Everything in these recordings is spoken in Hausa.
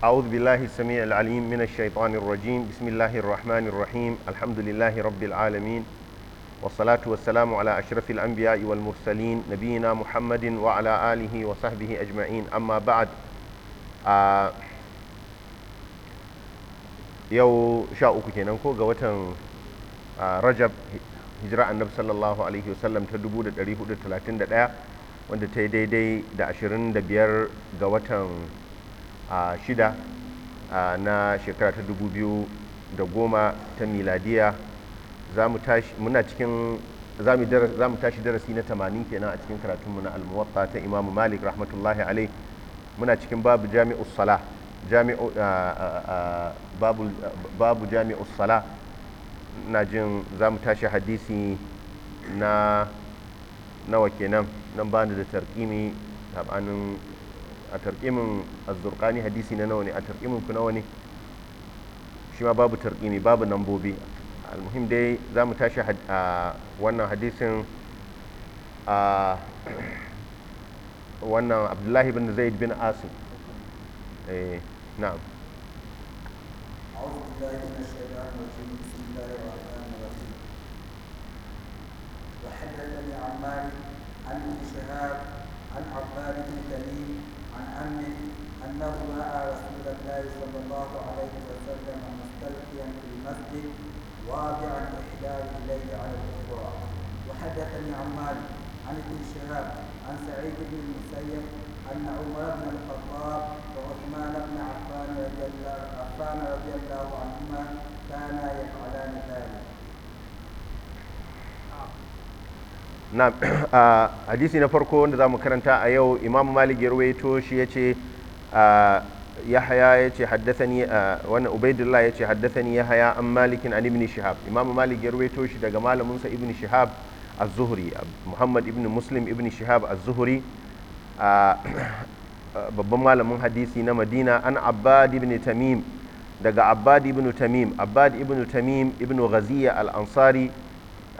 أعوذ بالله السميع العليم من الشيطان الرجيم بسم الله الرحمن الرحيم الحمد لله رب العالمين والصلاة والسلام على أشرف الأنبياء والمرسلين نبينا محمد وعلى آله وصحبه أجمعين أما بعد آه yau sha uku kenan ko ga watan rajab hijira annabi sallallahu alaihi wasallam ta 1431 wanda ta yi daidai da 25 ga watan shida na shekara ta dubu biyu da goma ta miladiya za mu tashi darasi na tamanin kenan a cikin karatunmu na almuwatta ta imamu malik rahmatullahi alai muna cikin babu jami'u sala babu jami'u sala na jin za mu tashi hadisi na nawa kenan nan bani da tarkimi sabanin a tarkimin azzurqani hadisi na nawa ne a tarkimin ku nawa ne shi ma babu tarkimi babu nambobi almuhim dai za mu tashi a wannan hadisin a wannan abdullahi bin zaid bin asim eh na'am أعوذ بالله من الشيطان الرجيم بسم الله الرحمن الرحيم وحدثني عن مالك عن ابن شهاب عن عباد بن تميم عمه أنه رأى رسول الله صلى الله عليه وسلم مستلقيا في المسجد واضعا إحدى رجليه على الأخرى وحدثني عن مالك عن ابن شهاب عن سعيد بن المسيب أن عمر بن na hadisi na farko wanda za mu karanta a yau imam malik ya rawaito shi ya ce yahya ya ce haddasani wani ubaidullah ya ce haddasani yahya an malikin an ibn shihab imam malik ya rawaito shi daga malaminsa ibn shihab az-zuhri muhammad ibn muslim ibn shihab az-zuhri babban malamin hadisi na madina an abbad ibn tamim daga abbad ibn tamim abbad ibn tamim ibn ghaziya al-ansari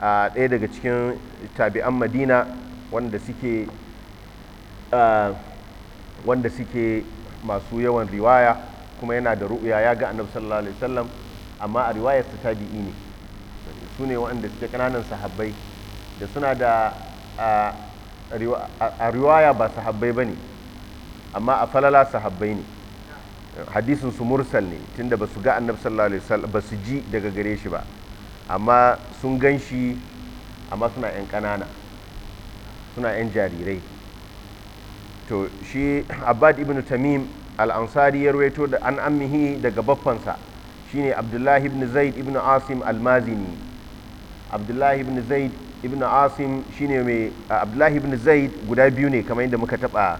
A ɗaya daga cikin tabi'an madina wanda suke wanda suke masu yawan riwaya kuma yana da ru'uya ya ga annabi sallallahu alaihi wasallam amma a riwayar ta tabi'i ne su ne waɗanda suke kananan sahabbai da suna da a riwaya ba sahabbai ba ne amma a falala sahabbai ne hadisin su mursal ne tunda ba su ga annabi sallallahu alaihi wasallam ba su ji daga gare shi ba amma sun gan shi amma suna 'yan ƙanana suna 'yan jarirai to shi abad ibn tamim al-ansari ya ruwaito da an ammihi daga baffansa shine abdullahi ibn zaid ibn asim al-mazini abdullahi ibn zaid ibn asim shine mai abdullahi ibn zaid guda biyu ne kamar yadda muka taba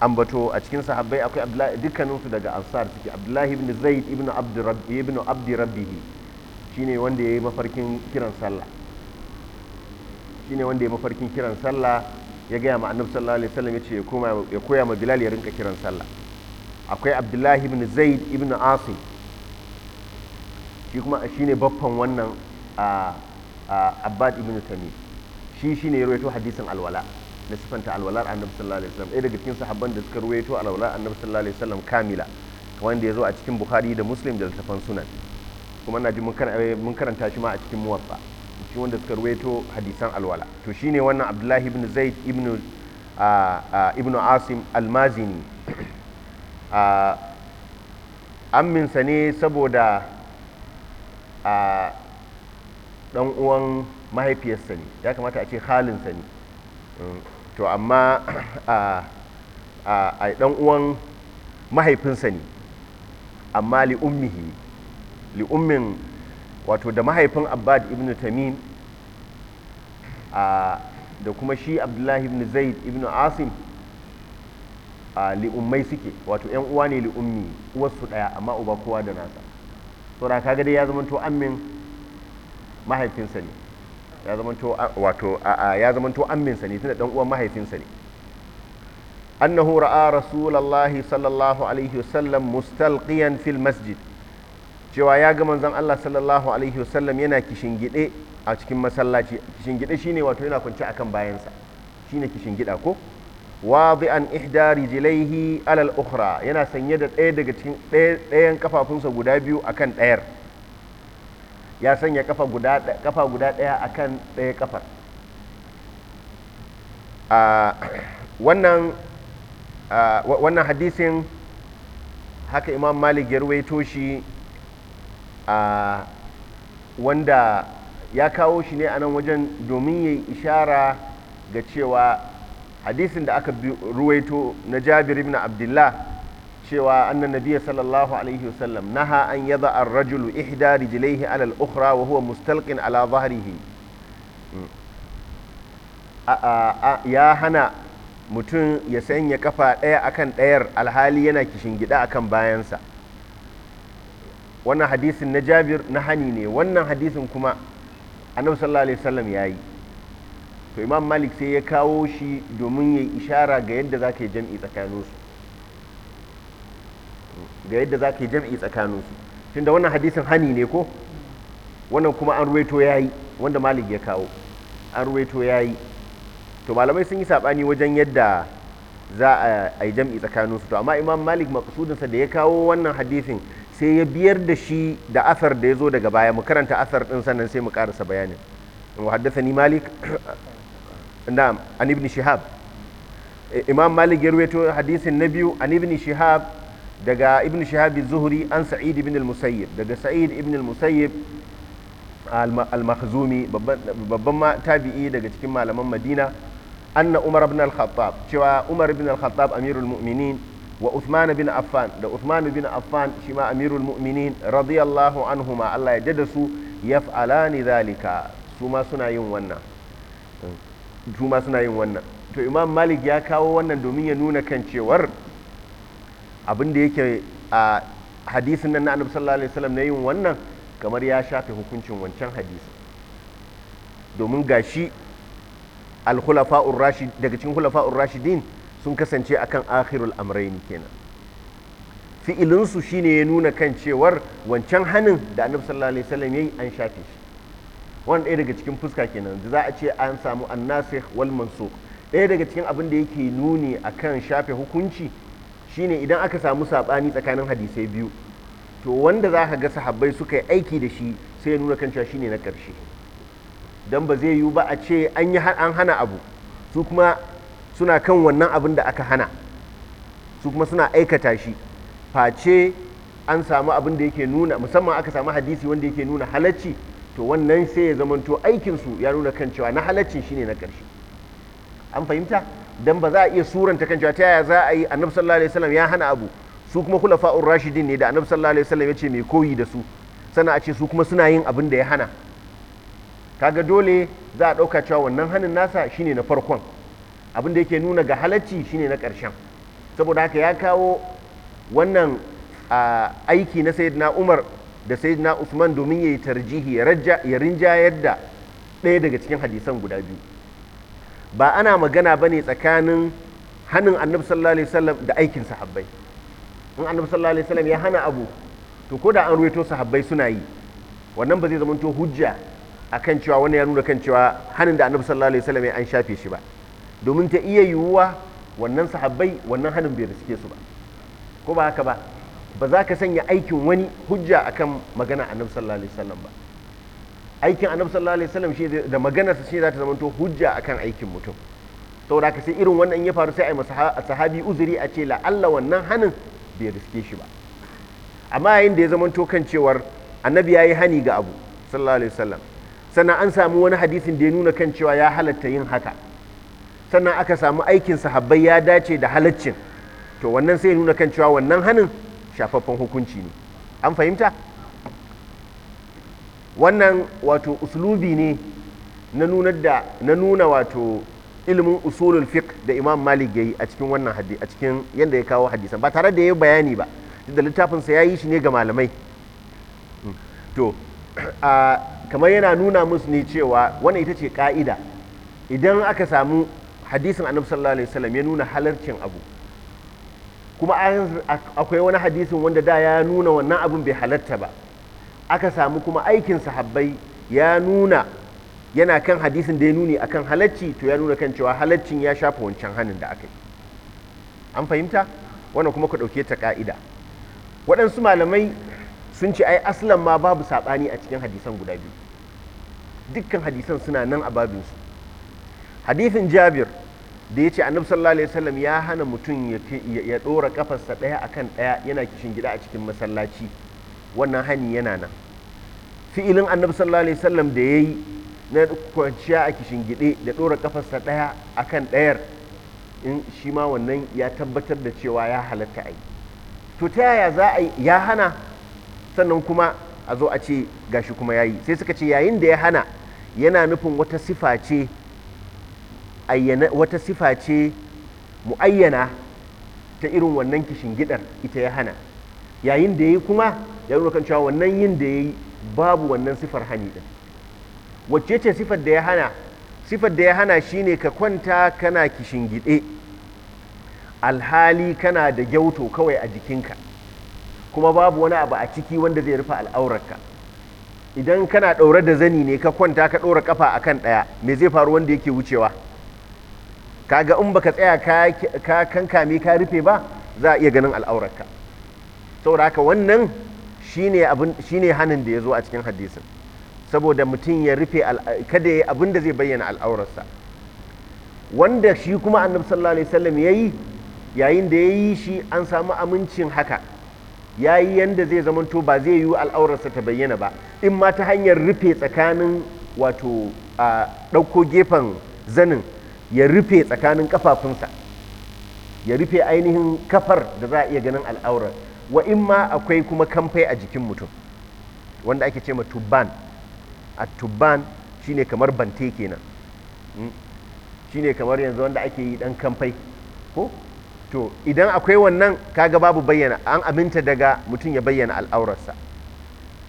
ambato a cikin sahabbai akwai dukkaninsu daga ansar suke abdullahi ibn zaid ibn abdi rabbihi shine wanda ya yi mafarkin kiran sallah shine wanda ya mafarkin kiran sallah ya gaya ma annabi sallallahu alaihi wasallam ce ya koya ma bilal ya rinka kiran sallah akwai abdullahi ibn zaid ibn asim shi kuma shine baffan wannan abbad ibn tamim shi shine ya rawaito hadisin alwala na sifanta alwalar annabi sallallahu alaihi wasallam ɗaya daga cikin sahabban da suka ruwaito a annabi sallallahu alaihi wasallam kamila wanda ya zo a cikin bukhari da muslim da littafan sunan kuma na ji eh, mun karanta shi ma a cikin muwaffa shi wanda suka ruwaito hadisan alwala to shine wannan abdullahi ibn zaid ibn ah, ah, ibn asim almazini ah, sa ne saboda dan uwan mahaifiyarsa ne ya kamata a ce halinsa ne mm, to amma a dan uwan mahaifinsa ne amma li ummihi li'ummin wato da mahaifin abbad ibn tamim da kuma shi abdullahi ibn zaid ibn asim li'ummai suke wato yan uwa ne li'ummi uwarsu ɗaya amma uba kowa da nasa saura kaga dai ya zamanto ammin mahaifinsa ne ya zamanto wato ya zamanto amminsa ne tunda dan uwan mahaifinsa ne annahu ra'a rasulullahi sallallahu alaihi wasallam mustalqiyan fil masjid cewa ya ga manzon Allah sallallahu alaihi wasallam yana kishingide a cikin masallaci kishingide shine wato yana kwance akan bayansa shine kishingida ko an ihda rijlaihi alal ukhra yana sanye da ɗaya daga cikin ɗayan kafafunsa guda biyu akan ɗayar ya sanya kafa guda kafa guda ɗaya akan ɗaya kafar wannan wannan hadisin haka imam malik ya ruwaito shi a wanda ya kawo shi ne a nan wajen domin ya ishara ga cewa hadisin da aka ruwaito na jabir ibn abdullah cewa annan nabiya sallallahu alaihi wasallam naha an yaba an rajulu ihda rijilaihi alal ukhra wa huwa mustalqin ala zahrihi hmm. ya hana mutum ya sanya kafa ɗaya akan ɗayar alhali yana kishin gida akan bayansa wannan hadisin na jabir na hani ne wannan hadisin kuma annabi sallallahu alaihi wasallam ya yi to imam malik sai ya kawo shi domin ya ishara ga yadda za ka yi jam'i tsakaninsu ga yadda za ka yi jam'i tsakaninsu tunda wannan hadisin hani ne ko wannan kuma an ruwaito ya yi wanda malik ya kawo an ruwaito ya yi to malamai sun yi saɓani wajen yadda za a yi jam'i tsakaninsu to amma imam malik maƙasudinsa da ya kawo wannan hadisin sai ya biyar da shi da asar da ya zo daga baya mu karanta asar din sannan sai mu karasa bayanin wa haddathani malik na'am an ibn shihab imam malik ya rawaito hadisin na biyu an ibn shihab daga ibn shihab az-zuhri an sa'id ibn al-musayyib daga sa'id ibn al-musayyib al-makhzumi babban tabi'i daga cikin malaman madina anna umar ibn al-khattab cewa umar ibn al-khattab amirul mu'minin wa Uthman bin Affan da Uthman bin Affan shi ma Amirul Mu'minin radiyallahu anhuma Allah ya dada su ya ni zalika su ma suna yin wannan su ma suna yin wannan to Imam Malik ya kawo wannan domin ya nuna kan cewar abin da yake a hadisin nan na Annabi sallallahu alaihi wasallam na yin wannan kamar ya shafe hukuncin wancan hadisin domin gashi al-khulafa'ur rashid daga cikin khulafa'ur rashidin sun kasance akan akhirul amraini kenan fi'ilinsu shine ya nuna kan cewar wancan hannun da annabi sallallahu alaihi wasallam yayi an shafe shi wani ɗaya daga cikin fuska kenan da za a ce an samu annasikh wal mansukh ɗaya daga cikin abin da yake nuni akan shafe hukunci shine idan aka samu saɓani tsakanin hadisai biyu to wanda za ka ga sahabbai suka yi aiki da shi sai ya nuna kan cewa shine na ƙarshe Don ba zai yiwu ba a ce an hana abu su kuma suna kan wannan abin da aka hana su kuma suna aikata shi face an samu abin da yake nuna musamman aka samu hadisi wanda yake nuna halacci to wannan sai ya zamanto aikinsu ya nuna kan cewa na halaccin shine na ƙarshe an fahimta dan ba za a iya suranta kan cewa ta yaya za a yi annabi sallallahu alaihi wasallam ya hana abu su kuma khulafa'ur rashidin ne da annabi sallallahu alaihi wasallam ya ce mai koyi da su sana a ce su kuma suna yin abin da ya hana kaga dole za a ɗauka cewa wannan hanin nasa shine na farkon abin da yake nuna ga halacci shine na ƙarshen saboda haka ya kawo wannan aiki na sayyidina umar da sayyidina usman domin ya yi tarjihi ya rinjayar da ɗaya daga cikin hadisan guda biyu ba ana magana ba ne tsakanin hannun annabi sallallahu alaihi wasallam da aikin sahabbai in annabi sallallahu alaihi wasallam ya hana abu to ko da an ruwaito sahabbai suna yi wannan ba zai zama to hujja akan cewa wani ya nuna kan cewa hannun da annabi sallallahu alaihi wasallam ya an shafe shi ba domin ta iya yiwuwa wannan sahabbai wannan hannun bai riske su ba ko ba haka ba ba za ka sanya aikin wani hujja akan magana annabi sallallahu alaihi wasallam ba aikin annabi sallallahu alaihi wasallam shi da maganarsa shi za ta zamanto hujja akan aikin mutum saboda ka sai irin wannan ya faru sai a yi sahabi uzuri a ce la'alla wannan hannun bai riske shi ba amma yayin da ya zamanto kan cewar annabi ya yi hani ga abu sallallahu alaihi wasallam sannan an samu wani hadisin da ya nuna kan cewa ya halatta yin haka sannan aka samu aikin sahabbai ya dace da halaccin to wannan sai nuna kan cewa wannan hanin shafaffen hukunci ne an fahimta wannan wato uslubi ne na nuna da na nuna wato ilimin usulul fiqh da imam malik yayi a cikin wannan hadi a cikin yanda ya kawo hadisan ba tare da yayi bayani ba da littafin sa yayi shi ne ga malamai hmm. to kamar yana nuna musu ne cewa wannan ita ce ka'ida idan aka samu hadisin annabi sallallahu alaihi wasallam ya nuna halarcin abu kuma akwai wani hadisin wanda da ya nuna wannan abun bai halarta ba aka samu kuma aikin sahabbai ya nuna yana kan hadisin da ya nuni akan halacci to ya nuna kan cewa halaccin ya shafa wancan hannun da aka yi an fahimta wannan kuma ku ɗauke ta ka'ida waɗansu malamai sun ce ai aslan ma babu saɓani a cikin hadisan guda biyu dukkan hadisan suna nan a babinsu hadithin jabir da ya ce annabi sallallahu alaihi ya hana mutum ya ɗora kafarsa ɗaya akan ɗaya yana kishin gida a cikin masallaci wannan hani yana nan fi'ilin annabi sallallahu alaihi da ya yi na kwanciya a kishin gide da ɗora kafarsa ɗaya akan ɗayar in shi ma wannan ya tabbatar da cewa ya halatta a to ta yaya za a ya hana sannan kuma a zo a ce gashi kuma yayi sai suka ce yayin da ya hana yana nufin wata sifa ce ayyana wata sifa ce muayyana ta irin wannan kishin gidar ita ya hana yayin da yi kuma ya yi kan cewa wannan yin da ya yi babu wannan sifar hani ɗin wacce ce sifar da ya hana sifar da ya hana shine ka kwanta kana kishin gide alhali kana da gyauto kawai a jikinka kuma babu wani abu a ciki wanda zai rufe al'aurarka idan kana ɗaure da zani ne ka kwanta ka ɗora kafa akan ɗaya me zai faru wanda yake wucewa kaga in baka tsaya ka kankami ka rufe ba za a iya ganin al'aurarka saboda haka wannan shine abin shine hanin da zo a cikin hadisin saboda mutum ya rufe kada ya abin da zai bayyana al'aurarsa wanda shi kuma annabi sallallahu alaihi wasallam yayi yayin da ya yi shi an samu amincin haka yayi yadda zai zamanto ba zai yi al'aurarsa ta bayyana ba in ma ta hanyar rufe tsakanin wato a ɗauko gefen zanin ya rufe tsakanin kafafunsa ya rufe ainihin kafar da za a iya ganin al'aurar wa in ma akwai kuma kamfai a jikin mutum wanda ake ce ma tubban a tubban shine kamar bante kenan hmm? shine kamar yanzu wanda ake yi dan kamfai ko to idan akwai wannan kaga babu bayyana an aminta daga mutum ya bayyana al'aurarsa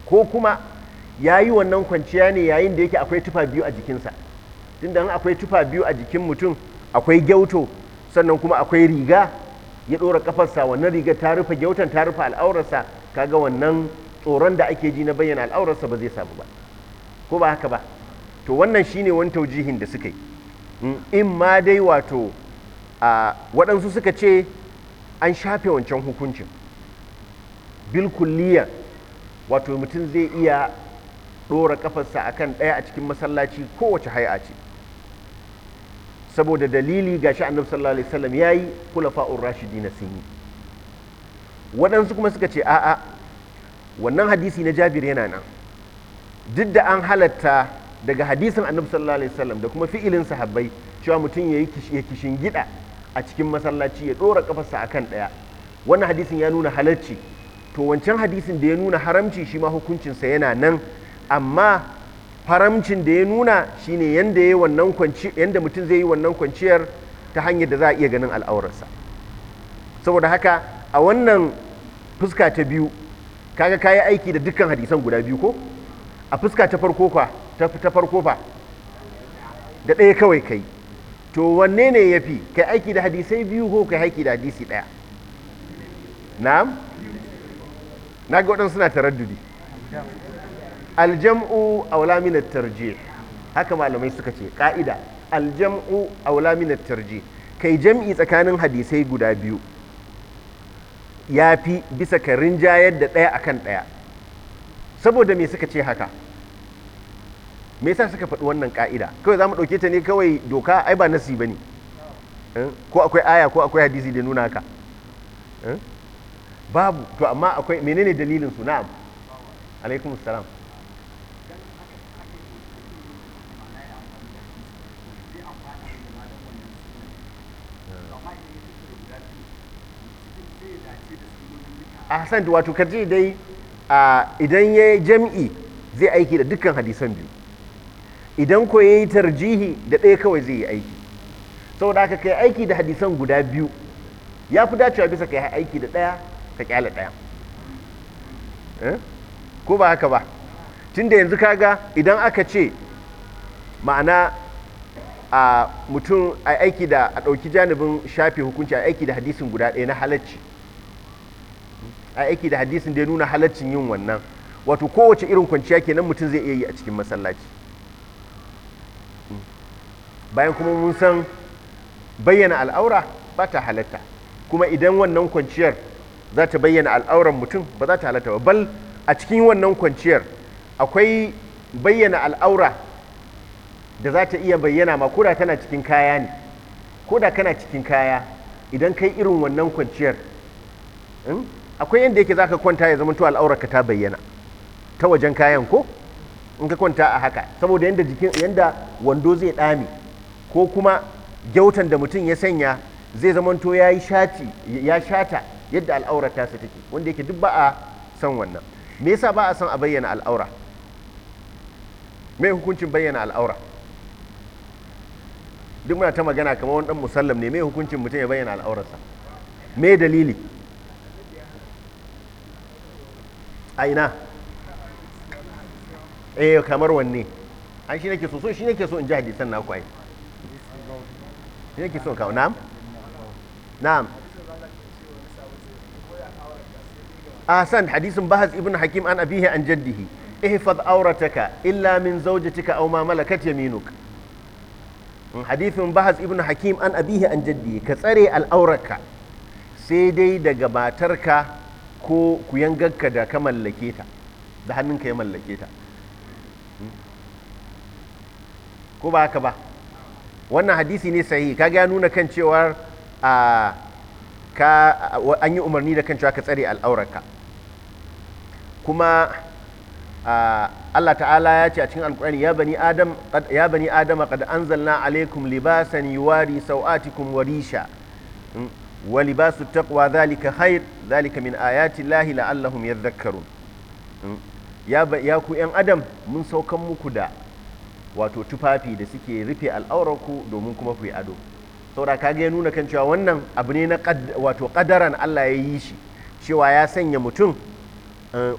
ko kuma ya yi wannan kwanciya ne yayin da yake akwai tufa biyu a jikinsa Tun tunda akwai tufa biyu a jikin mutum akwai gyauto sannan kuma akwai riga ya ɗora kafarsa wannan riga ta rufe gyautan ta rufe al'aurarsa kaga wannan tsoron da ake ji na bayyana al'aurarsa ba zai samu ba ko ba haka ba to wannan shine wani taujihin da suka yi mm, in ma dai wato a waɗansu suka ce an shafe wancan hukuncin bilkulliya wato mutum zai iya ɗora kafarsa akan ɗaya a cikin masallaci kowace hai'a ce saboda dalili ga shi annabi sallallahu alaihi wasallam yayi kulafa'ur rashidin sun yi waɗansu kuma suka ce a'a wannan hadisi na Jabir yana nan duk da an halatta daga hadisin annabi sallallahu alaihi wasallam da kuma fi'ilin sahabbai cewa mutum yayi ya kishin gida a cikin masallaci ya dora kafarsa akan ɗaya wannan hadisin ya nuna halarci to wancan hadisin da ya nuna haramci shi ma hukuncinsa yana nan amma faramcin da ya nuna shine yanda yadda wannan kwanci yanda mutum zai yi wannan kwanciyar ta hanyar da za a iya ganin al'aurarsa saboda haka a wannan fuska ta biyu kaga kayi aiki da dukkan hadisan guda biyu ko a fuska ta farko fa ta farko fa da ɗaya kawai kai to wanne ne ya fi kai aiki da hadisai biyu ko kai aiki da hadisi ɗaya na'am na ga waɗansu suna taraddudi aljam'u aula min tarjih haka malamai suka ce ka'ida aljam'u aula min tarjih kai jam'i tsakanin hadisai guda biyu ya fi bisa ka rinjayar da ɗaya akan ɗaya saboda me suka ce haka me yasa suka faɗi wannan ka'ida kawai za mu ɗauke ta ne kawai doka ai ba nasi ba ne eh? ko akwai aya ko akwai hadisi da nuna haka eh? babu to amma akwai menene dalilin su na'am alaikum salam ahsan wato karji dai idan ya yi jam'i zai aiki da dukkan hadisan biyu idan ko ya yi tarjihi da ɗaya kawai zai yi aiki saboda haka kai aiki da hadisan guda biyu ya fi dacewa bisa ka kai aiki da ɗaya ka kyale ɗaya eh? ko ba haka ba tun da yanzu kaga idan aka ce ma'ana a mutum a aiki da a ɗauki janibin shafe hukunci a aiki da hadisin guda ɗaya na halacci a aiki da hadisin da ya nuna halaccin yin wannan wato kowace irin kwanciya kenan mutum zai iya yi a cikin masallaci bayan kuma mun san bayyana al'aura ba ta halatta kuma idan wannan kwanciyar za ta bayyana al'auran mutum ba za ta halatta ba bal a cikin wannan kwanciyar akwai bayyana al'aura da za ta iya bayyana ma koda tana cikin kaya ne koda kana cikin kaya idan kai irin wannan kwanciyar hmm, akwai yadda yake zaka kwanta ya zama to al'aurarka ta bayyana ta wajen kayan ko in ka kwanta a haka saboda yadda jikin yadda wando zai dame ko kuma gyautan da mutum ya sanya zai zama to ya yi shati ya shata yadda al'aurar ta take wanda yake duk ba a san wannan me yasa ba a san a bayyana al'aura me hukuncin bayyana al'aura duk muna ta magana kamar wani dan musallam ne me hukuncin mutum ya bayyana al'aurarsa me dalili Aina? ina eh kamar wanne an shi nake so so shi nake so in ji hadisan naku ai shi nake so kawo na'am na'am ahsan hadisin bahas ibn hakim an abihi an jaddihi ihfaz aurataka illa min zawjatika aw ma malakat yaminuk hadithin bahas ibn hakim an abihi an jaddihi ka tsare al'auraka sai dai daga matarka ko ku yangarka da ka mallake ta da hannunka ya mallake ta hmm? ko ba haka ba wannan hadisi ne sahihi ka ga nuna kan cewar a an yi umarni da kan cewa ka tsare al'aurarka kuma Allah ta'ala ya ce a cikin alkurani ya bani adam ya bani adama qad anzalna alaikum libasan yi wari warisha. warisha ولباس التقوى ذلك خير ذلك من min الله لعلهم يذكرون يا ya ya ku yan adam mun saukan muku da wato tufafi da suke rufe al'aurarku domin kuma ku yi ado saura kaga ya nuna kan cewa wannan abu ne na wato kadaran Allah ya yi shi cewa ya sanya mutum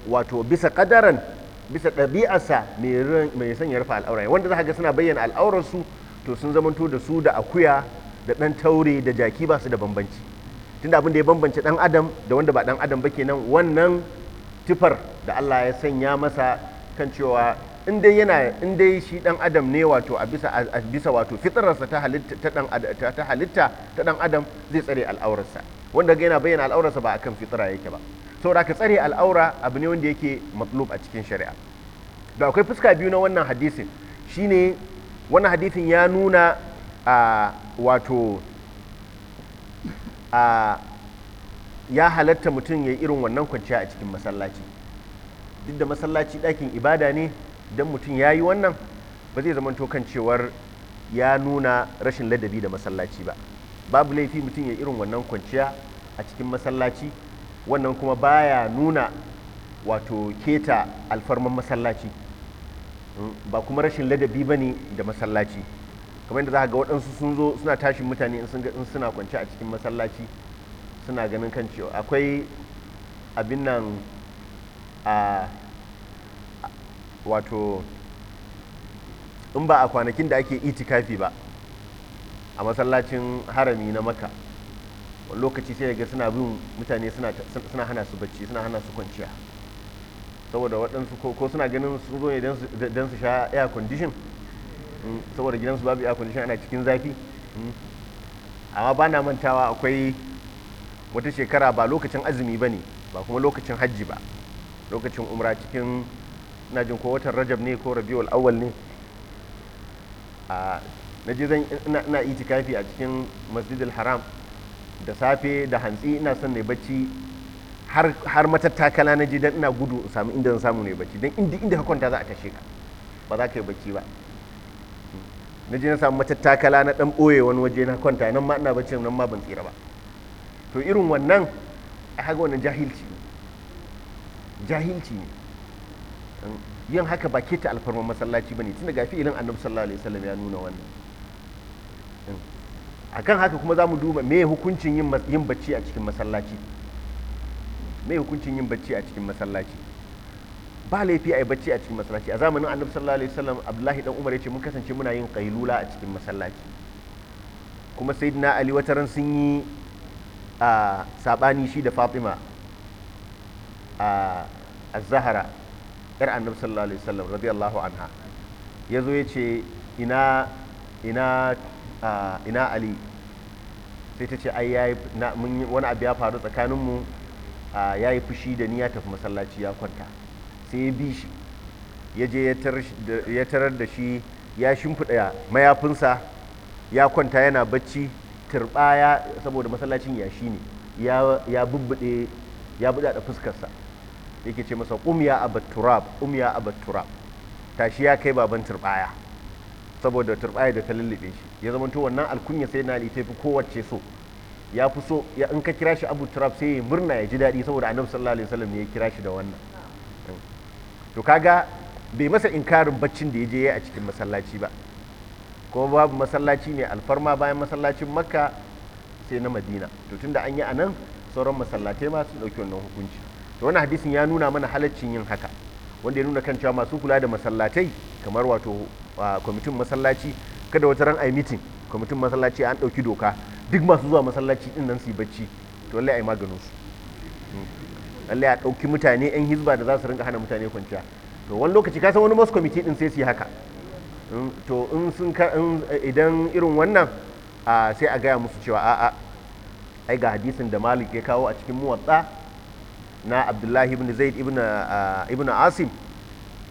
wato bisa kadaran bisa ɗabi'arsa mai sanya rufe al'aura wanda za ga suna bayyana al'aurarsu to sun zamanto da su da akuya da ɗan taure da jaki ba su da bambanci tunda abin da ya bambance dan adam da wanda ba dan adam ba kenan wannan tifar da Allah ya sanya masa kan cewa in dai yana in dai shi dan adam ne wato a bisa a bisa wato fitrarsa ta halitta ta dan ta halitta ta dan adam zai tsare al'aurarsa wanda yana bayyana al'aurarsa ba akan fitra yake ba saboda ka tsare al'aura abu ne wanda yake matlub a cikin shari'a da akwai fuska biyu na wannan hadisin shine wannan hadisin ya nuna a wato a ya halatta mutum ya yi irin wannan kwanciya a cikin masallaci duk da masallaci ɗakin ibada ne don mutum ya yi wannan ba zai zamanto kan cewar ya nuna rashin ladabi da masallaci ba babu laifi mutum ya irin wannan kwanciya a cikin masallaci wannan kuma baya nuna wato keta alfarman masallaci hmm, ba kuma rashin ladabi ba ne da masallaci kamar yadda za ga waɗansu sun zo suna tashin mutane in suna kwance a cikin masallaci suna ganin kan cewa akwai abin nan a wato in ba a kwanakin da ake itikafi ba a masallacin harami na maka lokaci sai ga suna bin mutane suna hana su bacci suna hana su kwanciya saboda waɗansu ko suna ganin sun zo ne don su sha air condition saboda gidansu babu air condition ana cikin zafi amma ba na mantawa akwai wata shekara ba lokacin azumi ba ne ba kuma lokacin hajji ba lokacin umra cikin na jin ko watan rajab ne ko rabiul awwal ne a na je zan ina itikafi a cikin masjidil haram da safe da hantsi ina son ne bacci har har matattakala na je dan ina gudu in samu inda zan samu ne bacci dan inda inda ka kwanta za a tashe ka ba za ka yi bacci ba na je na samu matattakala na dan boye wani waje na kwanta nan ma ina bacci nan ma ban tsira ba to irin wannan a haka wannan jahilci ne jahilci ne yin haka ba keta alfarman masallaci bane tun daga fi'ilin annabi sallallahu alaihi wasallam ya nuna wannan akan haka kuma za mu duba me hukuncin yin bacci a cikin masallaci me hukuncin yin bacci a cikin masallaci ba laifi a yi bacci a cikin masallaci a zamanin annabi sallallahu alaihi wasallam abdullahi dan umar ya ce mun kasance muna yin kailula a cikin masallaci kuma sayyidina ali wata ran sun yi a sabani shi da fatima a az-zahra yar annabi sallallahu alaihi wasallam radiyallahu anha yazo ya ce ina ina ina ali sai ta ce ai yayi wani abu ya faru tsakaninmu yi fushi da ni ya tafi masallaci ya kwanta sai ya bi shi ya je ya tarar da shi ya shimfiɗa mayafinsa ya kwanta yana bacci turbaya saboda masallacin yashi ne ya bubbuɗe ya buɗaɗa fuskarsa yake ce masa umya abat turab umya abat turab tashi ya kai baban turbaya saboda turbaya da ta lullube shi ya zama to wannan alkunya sai na ta fi kowace so ya fi so in ka kira shi abu turab sai ya murna ya ji daɗi saboda annabi sallallahu alaihi wasallam ne ya kira shi da wannan to kaga bai masa inkarin baccin da ya je a cikin masallaci ba kuma babu masallaci ne alfarma bayan masallacin makka sai na madina to tunda an yi a nan sauran masallatai ma sun ɗauki wannan hukunci to wannan hadisin ya nuna mana halaccin yin haka wanda ya nuna kan cewa masu kula da masallatai kamar wato kwamitin masallaci kada wata ran ai mitin kwamitin masallaci an ɗauki doka duk masu zuwa masallaci din nan su yi bacci to lallai ai maganin su hmm. Allah a ɗauki mutane 'yan hizba da za su rinka hana mutane kwanciya to wani lokaci ka san wani mas kwamiti ɗin sai su yi haka mm, to in sun ka idan irin wannan sai a gaya musu cewa a'a ai ga hadisin da malik ya kawo a cikin muwatsa na abdullahi ibn zaid ibn asim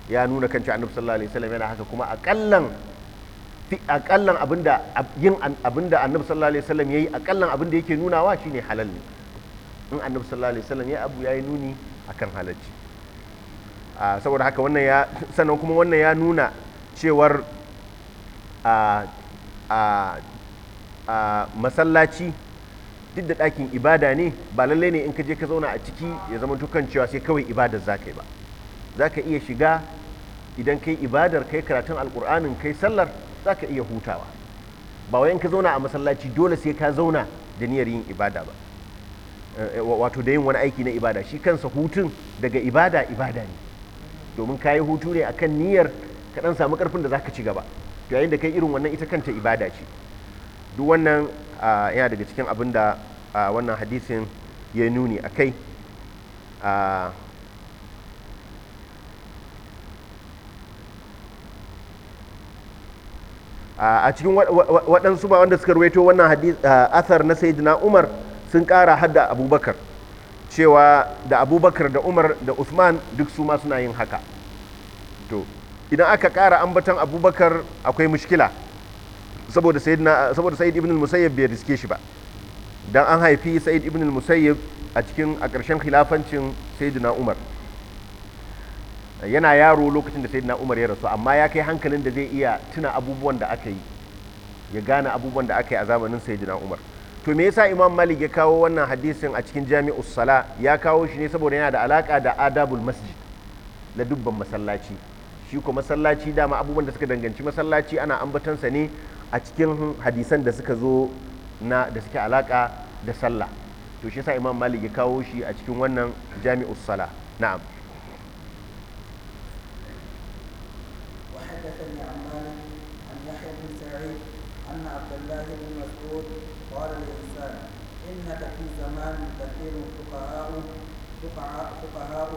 ya nuna kan cewa annabi sallallahu alaihi wasallam yana haka kuma akallan akallan abinda yin abinda annabi sallallahu alaihi wasallam yayi akallan abinda yake nunawa shine halal ne in annabi sallallahu alaihi wasallam ya abu yayi nuni akan halacci ah, saboda haka wannan ya sannan kuma wannan ya nuna cewar a ah, ah, masallaci duk da ɗakin ibada ne ba lalle ne in ka je ka zauna a ciki ya zama dukan cewa sai kawai ibada za ka yi ba za ka iya shiga idan kai ibadar kai karatun alkur'anin kai sallar za ka iya hutawa ba wai ka zauna a masallaci dole sai ka zauna da niyyar yin ibada ba Eh, eh, wato da yin wani aiki na ibada shi kansa hutun daga ibada ibada ne domin ka yi hutu ne akan niyyar ka dan samu karfin da za ka ci gaba to yayin da kai irin wannan ita kanta ibada ce duk wannan yana daga cikin abin da wannan hadisin ya nuni a kai a cikin waɗansu ba wanda suka ruwaito wannan asar na sayyidina umar sun ƙara hadda abubakar cewa da abubakar da umar da usman duk su ma suna yin haka to idan aka ƙara ambaton abubakar akwai mushkila saboda sa'id ibn musayyib bai riske shi ba don an haifi sa'id ibn musayyib a cikin a ƙarshen khilafancin sayyidina umar yana yaro lokacin da sayyidina umar ya rasu amma ya kai hankalin da zai iya tuna abubuwan da aka yi ya gane abubuwan da aka yi a zamanin sayyidina umar to me yasa imam malik ya kawo wannan hadisin a cikin jami'us sala ya kawo shi ne saboda yana da alaka da adabul masjid na dubban masallaci shi ko masallaci dama abubuwan da suka danganci masallaci ana ambatansa ne a cikin hadisan da suka zo na da suke alaka da sallah to shi yasa imam malik ya kawo shi a cikin wannan jami'us sala na'am wa an anna abdullah قال الإنسان إنك في زمان كثير فقهاء فقهاء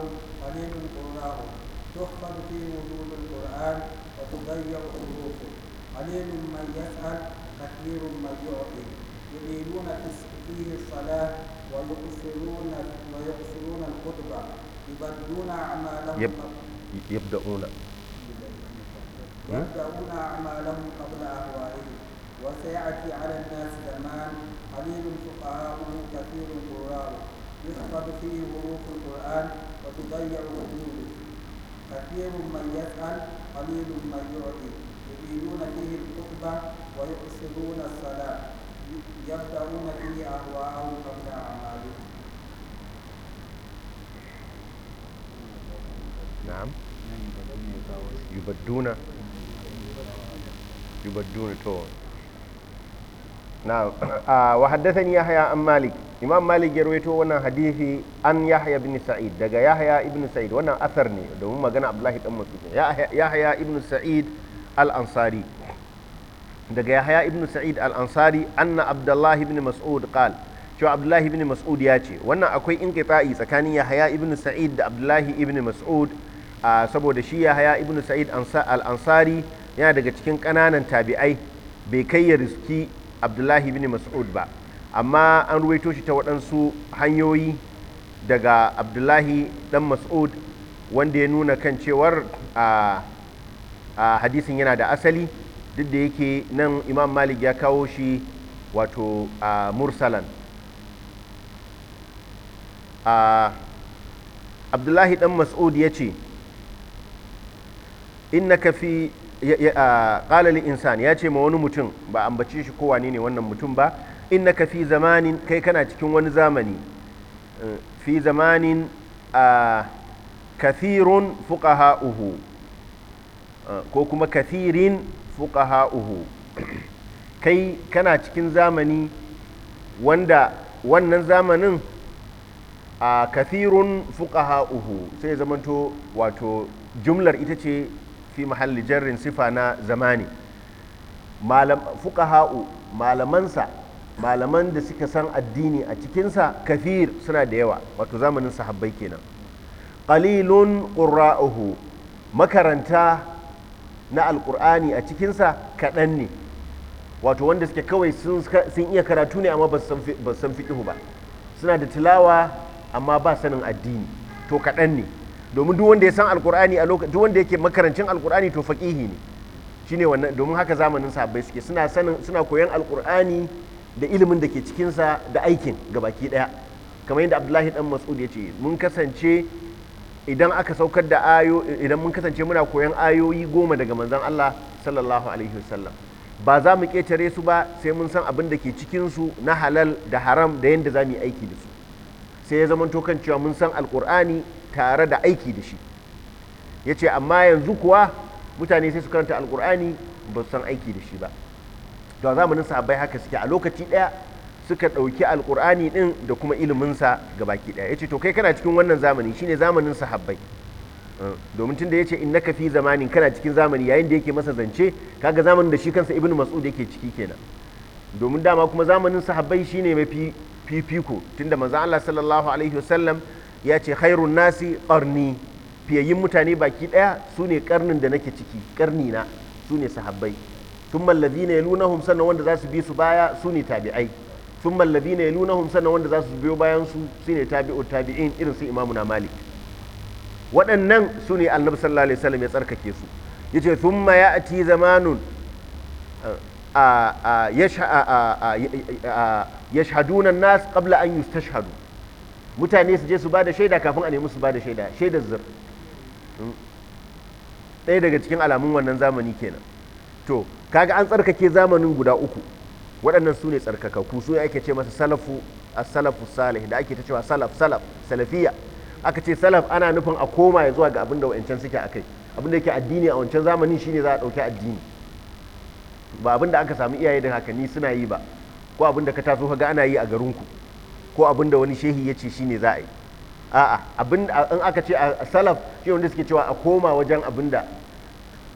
قليل قراء تحفظ في وجود القرآن وتضيع حروفه قليل من يسأل كثير من يعطي يريدون فيه الصلاة ويقصرون ويقصرون الخطبة يبدون أعمالهم يب... يبدؤون يبدؤون أعمالهم قبل أهوائهم وسيأتي على الناس زمان قليل فقهاؤه كثير قراءه يحفظ فيه حروف القرآن وتضيع حدوده كثير من يسأل قليل من يعطي يريدون به الخطبة ويقصدون الصلاة يبدأون به أهواءه قبل أعمالهم نعم, نعم. يبدون يبدون تو na ah, wa haddathani yahya an malik imam malik ya rawaito wannan hadisi an yahya ibn sa'id daga yahya ibn sa'id wannan asar ne domin magana abdullahi dan masud yahya ibn sa'id al-ansari daga yahya ibn sa'id al-ansari anna abdullahi ibn mas'ud qal cewa abdullahi ibn mas'ud ya ce wannan akwai inqita'i tsakanin yahya ibn sa'id da abdullahi ibn mas'ud ah, saboda shi yahya ibn sa'id al-ansari yana daga cikin kananan tabi'ai bai kai ya riski abdullahi bin mas'ud ba amma an ruwaito shi ta waɗansu hanyoyi daga abdullahi dan mas'ud wanda ya nuna kan cewar a hadisin yana da asali duk da yake nan imam malik ya kawo shi wato a mursalan abdullahi dan mas'ud ya ce ka fi qala lil insan ya ce ma wani mutum ba ambace shi ko ne wannan mutum ba ka fi zamanin kai kana cikin wani zamani eh, fi zamanin kathirun hauhu eh, ko kuma kathirin uhu kai kana cikin zamani wanda wannan zamanin a kathirun uhu sai zamanto wato jumlar ita ce fi mahalli sifa na zamani malam malamansa malaman da suka san addini a cikinsa kafir suna da yawa wato zamanin sahabbai kenan qalilun qurra'uhu makaranta na alqur'ani a cikinsa kaɗan ne wato wanda suke kawai sun iya karatu ne amma ba san fiƙihu ba suna da tilawa amma ba sanin addini to kaɗan ne domin duk wanda ya san alkur'ani a lokacin duk wanda yake makarancin alkur'ani to faqihi ne shine wannan domin haka zamanin sahabbai suke suna sanin suna koyan alkur'ani da ilimin da ke cikin da aikin gabaki daya kamar yadda Abdullahi dan Mas'ud ya ce mun kasance idan aka saukar da ayo idan mun kasance muna koyan ayoyi goma daga manzon Allah sallallahu alaihi wasallam ba za mu ketare su ba sai mun san abin da ke cikin su na halal da haram da yadda za mu yi aiki da su sai ya zama to kan cewa mun san alkur'ani tare da aiki da shi ya ce amma yanzu kuwa mutane sai su karanta alkur'ani ba su san aiki da shi ba to a zamanin sahabbai haka suke a lokaci ɗaya suka ɗauki alkur'ani ɗin da kuma iliminsa ga baki ɗaya ya ce to kai kana cikin wannan zamani shine zamanin sahabbai eh, domin da ya ce in naka fi zamanin kana cikin zamani yayin da yake masa zance kaga zamanin da shi kansa ibn mas'ud yake ciki kenan domin dama kuma zamanin sahabbai shine mafi fifiko tunda manzo Allah sallallahu alaihi wasallam ya ce khairun nasi ƙarni fiyayyin mutane baki ɗaya su ne ƙarnin da nake ciki ƙarni na su ne sahabbai sun mallabi na yalunahum sannan wanda za su bi su baya su ne tabi'ai sun mallabi na yalunahum sannan wanda za su biyo bayan su su ne tabi'u tabi'in irin su imamuna malik waɗannan su ne annabi sallallahu alaihi wasallam ya tsarkake su yace thumma ya'ti zamanun yashhaduna an-nas qabla an yustashhadu mutane su je su ba da shaida kafin a nemi su bada shaida shaida zur hmm. ɗaya daga cikin alamun wannan zamani kenan to kaga an tsarkake zamanin guda uku waɗannan su ne tsarkakaku su ake ce masa salafu as-salafu salih da ake ta cewa salaf salaf salafiya aka ce salaf ana nufin a koma ya zuwa ga abin da wancan suke a kai abin da yake addini a wancan zamanin shine za a ɗauki addini ba abin da aka samu iyaye da hakanni suna yi ba ko abin da ka taso ka ga ana yi a garinku ku ko abin da wani shehi ya ce shi ne za a yi a'a abin in aka ce a salaf shi wanda suke cewa a koma wajen abin da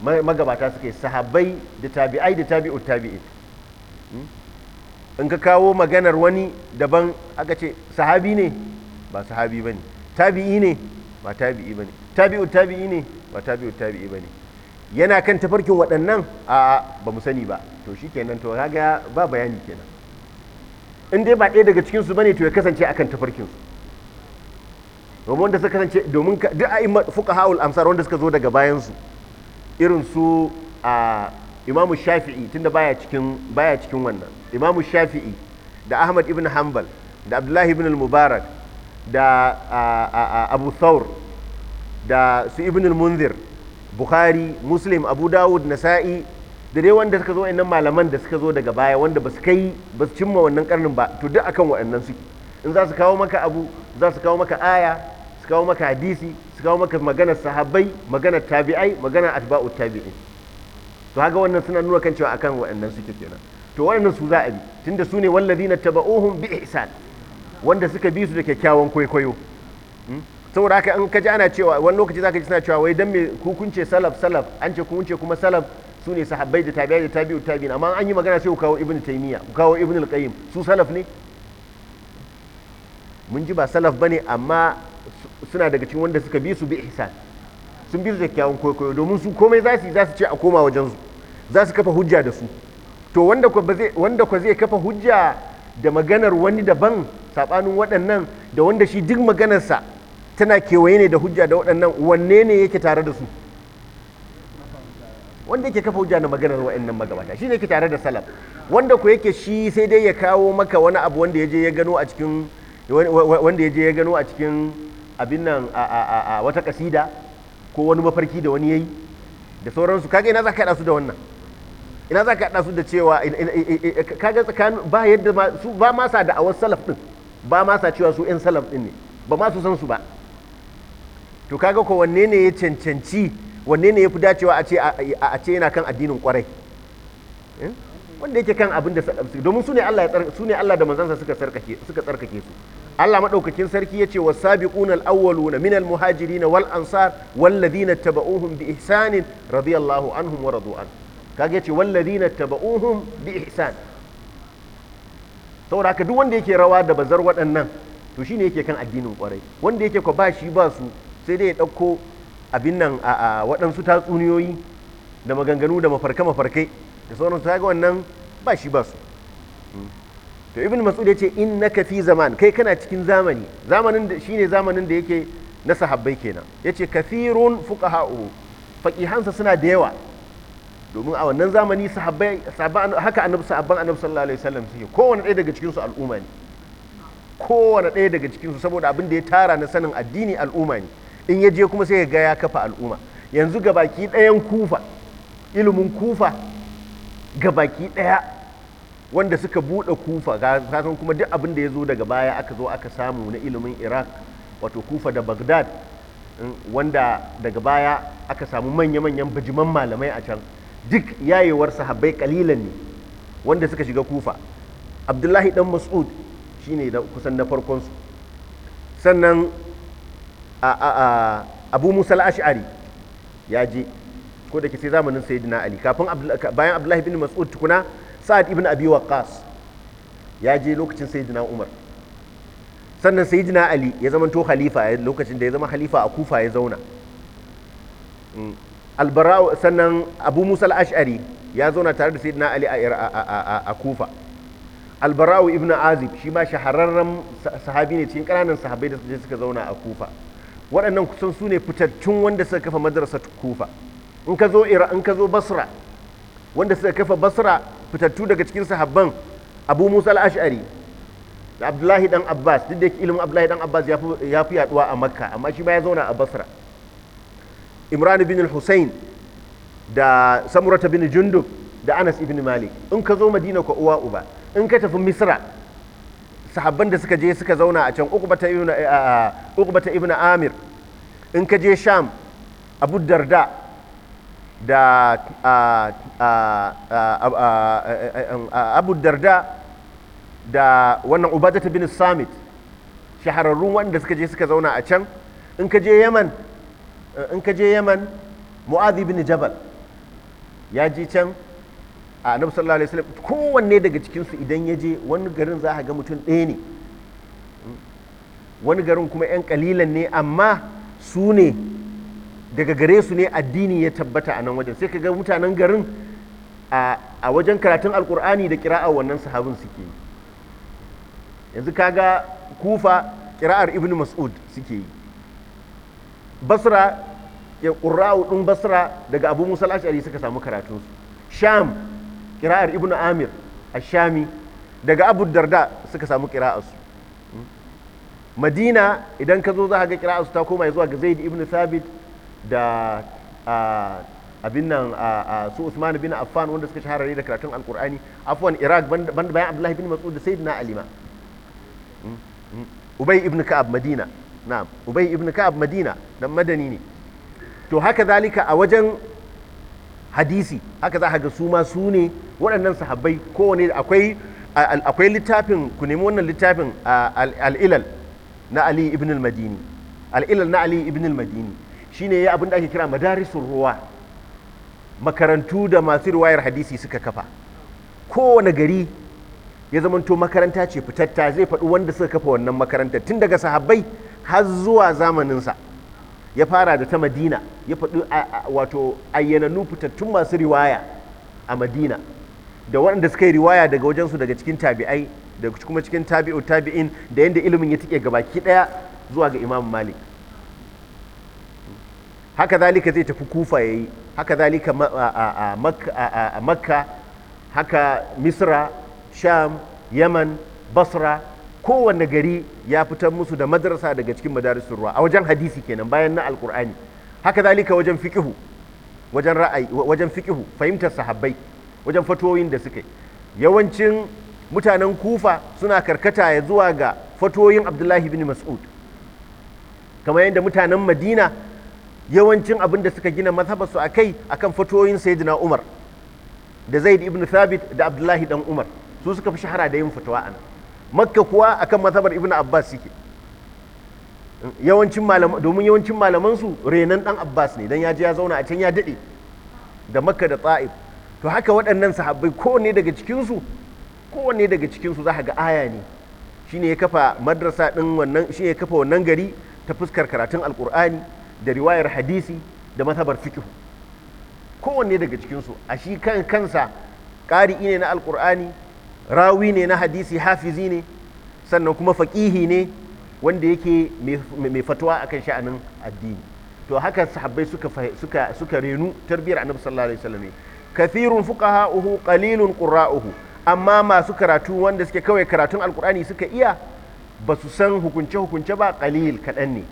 magabata suke sahabai da tabi'ai da tabi'ut tabi'i hmm? in ka kawo maganar wani daban aka ce sahabi ne ba sahabi ba ne tabi'i ne ba tabi'i ba ne tabi'u tabi'i ne ba tabi'u tabi'i ba ne yana kan tafarkin waɗannan a ba mu sani ba to shi kenan to kaga ba bayani kenan in dai ba ɗaya daga cikin su bane to ya kasance akan tafarkin su domin wanda suka kasance domin duk fuka ha'ul amsar wanda suka zo daga bayansu irin su a imamu shafi'i tunda baya cikin baya cikin wannan imamu shafi'i da ahmad ibn hanbal da abdullahi ibn al-mubarak da abu thawr da su ibn al-munzir bukhari muslim abu dawud nasa'i da dai wanda suka zo wayannan malaman da suka zo daga baya wanda ba su kai ba su cimma wannan karnin ba to duk akan wayannan suke in za su kawo maka abu za su kawo maka aya su kawo maka hadisi su kawo maka magana sahabbai magana tabi'ai magana atba'u tabi'in to haka wannan suna nuna kan cewa akan wayannan suke kenan to wannan su za a bi tunda su ne walladina taba'uhum bi ihsan wanda suka bi su da kyakkyawan kwaikwayo hmm? saboda haka in kaji ana cewa wani lokaci ka ji suna cewa wai dan me ku kunce salaf salaf an ce ku kunce kuma salaf su ne sahabbai da tabi'ai da tabi'u tabi'in amma an yi magana sai ku kawo ibn taymiya ku kawo ibn al-qayyim su salaf ne mun ji ba salaf bane amma suna daga cikin wanda suka bi su bi ihsan sun bi su da kyawun koyo domin su komai za su ce a koma wajen su za su kafa hujja da su to wanda ko zai wanda ko zai kafa hujja da maganar wani daban sabanin waɗannan da wanda shi duk maganarsa tana kewaye ne da hujja da waɗannan wanne ne yake tare da su wanda yake kafa hujja na maganar wa'annan magabata shine yake tare da salaf wanda ko yake shi sai dai ya kawo maka wani abu wanda yaje ya gano a cikin wanda yaje ya gano a cikin abin nan a wata kasida ko wani mafarki da wani yayi da sauransu kaga ina za ka su da wannan ina za ka haɗa su da cewa kaga tsakanin ba yadda su ba ma sa da'awar salaf din ba ma sa cewa su 'yan salaf din ne ba ma su san su ba to kaga ko wanne ne ya cancanci wanne ne ya fi dacewa a ce yana kan addinin kwarai eh? wanda yake kan abin da domin su ne Allah ya su ne Allah da manzansa suka sarkake suka tsarkake su Allah madaukakin sarki yace wasabiquna alawwaluna minal muhajirin wal ansar walladhina tabauhum bi ihsanin radiyallahu anhum wa radu an kaga yace walladhina tabauhum bi ihsan saboda haka duk wanda yake rawa da bazar waɗannan to shine yake kan addinin kwarai wanda yake ko ba shi ba su sai dai ya dauko abin nan a waɗansu tatsuniyoyi da maganganu da mafarke-mafarke da sauransu ta ga wannan ba shi ba su hmm. to ibn mas'ud ya ce in na fi zaman kai kana cikin zamani zamanin da shine zamanin da yake na sahabbai kenan ya ce kafirun fuqaha'u faqihansa suna da yawa domin a wannan zamani sahabbai haka annabi sahabban annabi sallallahu alaihi wasallam suke kowanne ɗaya daga cikin su al'umma ne kowanne ɗaya daga cikin su saboda abin da ya tara na sanin addini al'umma ne in ya je kuma sai ya ga ya kafa al'umma yanzu ga baki ɗayan kufa ilimin kufa ga baki ɗaya wanda suka buɗe kufa kasan kuma duk abin da ya zo daga baya aka zo aka samu na ilimin iraq wato kufa da bagdad mm, wanda daga baya aka samu manya-manyan bijiman malamai a can duk yayewar sahabbai kalilan ne wanda suka shiga kufa abdullahi dan mas'ud shine kusan na farkon su sannan abu musa al ya je ko da ke sai zamanin sayyidina ali kafin bayan abdullahi bin mas'ud tukuna sa'ad ibn abi waqqas ya je lokacin sayyidina umar sannan sayyidina ali ya zama to khalifa lokacin da ya zama khalifa a kufa ya zauna mm. albara sannan abu musa al ya zauna tare da sayyidina ali a kufa albara'u ibn azib shi ma shahararren sahabi ne cikin ƙananan sahabai da suke zauna a kufa waɗannan kusan su ne fitattun wanda suka kafa madrasar kufa in ka zo ira in ka zo basra wanda suka kafa basra fitattu daga cikin sahabban abu musa al-ash'ari da abdullahi dan abbas duk da ilimin abdullahi dan abbas ya fi yaduwa a makka amma shi ma ya zauna a basra imran bin al-husayn da samurata bin jundub da anas ibn malik in ka zo madina ko uwa uba in ka tafi misra sahabban da suka je suka zauna a can ukubata eh, ibn amir in ka je sham abu darda da abu darda da wannan ubadata bin samit shahararrun wanda suka je suka zauna a can in ka je yaman eh, in ka je yaman mu'adhi bin jabal ya ji can a annabi sallallahu alaihi wasallam kowanne daga cikinsu idan ya je wani garin za a ga mutum ɗaya ne wani garin kuma yan kalilan ne amma su ne daga gare su ne addini ya tabbata a nan wajen sai ka ga mutanen garin a wajen karatun alkur'ani da kira'a wannan sahabin suke yi yanzu ka ga kufa kira'ar ibn mas'ud suke yi basra ya ƙura'u ɗin basra daga abu musa al'ashari suka samu karatunsu sham kira'ar ibnu amir a Shami daga abu darda suka samu kira'arsu hmm? madina idan ka zo za ga kira'arsu ta koma zuwa ga zaid ibnu thabit da abin nan su usman bin affan wanda suka shahararri da karatun alkur'ani afwan iraq bayan abdullahi bin mas'ud da sayyidina alima hmm? hmm? ubay ibn ka'ab madina na'am ubay ibn ka'ab madina dan madani ne to haka zalika a wajen hadisi haka za a ga su ma su ne waɗannan sahabbai kowane akwai akwai littafin ku nemi wannan littafin al'ilal na ali ibn al-madini al'ilal na ali ibn al-madini shine ya abin da ake kira madarisun ruwa makarantu da masu riwayar hadisi suka kafa kowane gari ya zamanto makaranta ce fitatta zai faɗi wanda suka kafa wannan makarantar tun daga sahabbai har zuwa zamaninsa ya fara da ta madina ya faɗi wato ayyananu fitattun masu riwaya a madina da waɗanda suka yi riwaya daga wajensu daga cikin tabi'ai da kuma cikin tabi'u tabi'in da yadda ilimin ya tike gabaki ɗaya zuwa ga imam malik haka zalika zai tafi kufa ya yi haka zalika a makka haka misra sham yaman basra kowanne gari ya fitar musu da madrasa daga cikin madarisun ruwa a wajen hadisi kenan bayan na alkur'ani haka zalika wajen fikihu wajen ra'ayi wajen fikihu fahimtar sahabbai wajen fatoyin da suka yawancin mutanen kufa suna karkata ya zuwa ga fatoyin abdullahi bin mas'ud kamar yadda mutanen madina yawancin abin da suka gina mazhabarsu a kai akan fatoyin sayyidina umar da zaid ibn thabit da abdullahi dan umar su suka fi shahara da yin fatawa anan makka kuwa akan mazhabar ibn abbas suke yawancin domin yawancin malaman su renan dan abbas ne dan ya ji ya zauna a can ya dade da makka da ta'if to haka waɗannan sahabbai kowanne daga cikin su daga cikin su ga aya ne shine ya kafa madrasa din wannan shine ya kafa wannan gari ta fuskar karatun alqur'ani da riwayar hadisi da mazhabar fiqh kowanne daga cikin a shi kan kansa ƙari'i ne na alqur'ani rawi ne na hadisi hafizi ne sannan kuma faƙihi ne wanda yake mai fatuwa akan sha'anin addini to haka sahabbai suka renu tarbiyar annabi sallallahu alaihi wasallam kathirun fuqaha'uhu qalilun qurra'uhu amma masu karatu wanda suke kawai karatun alqur'ani suka iya ba su san hukunce hukunce ba qalil kadan ne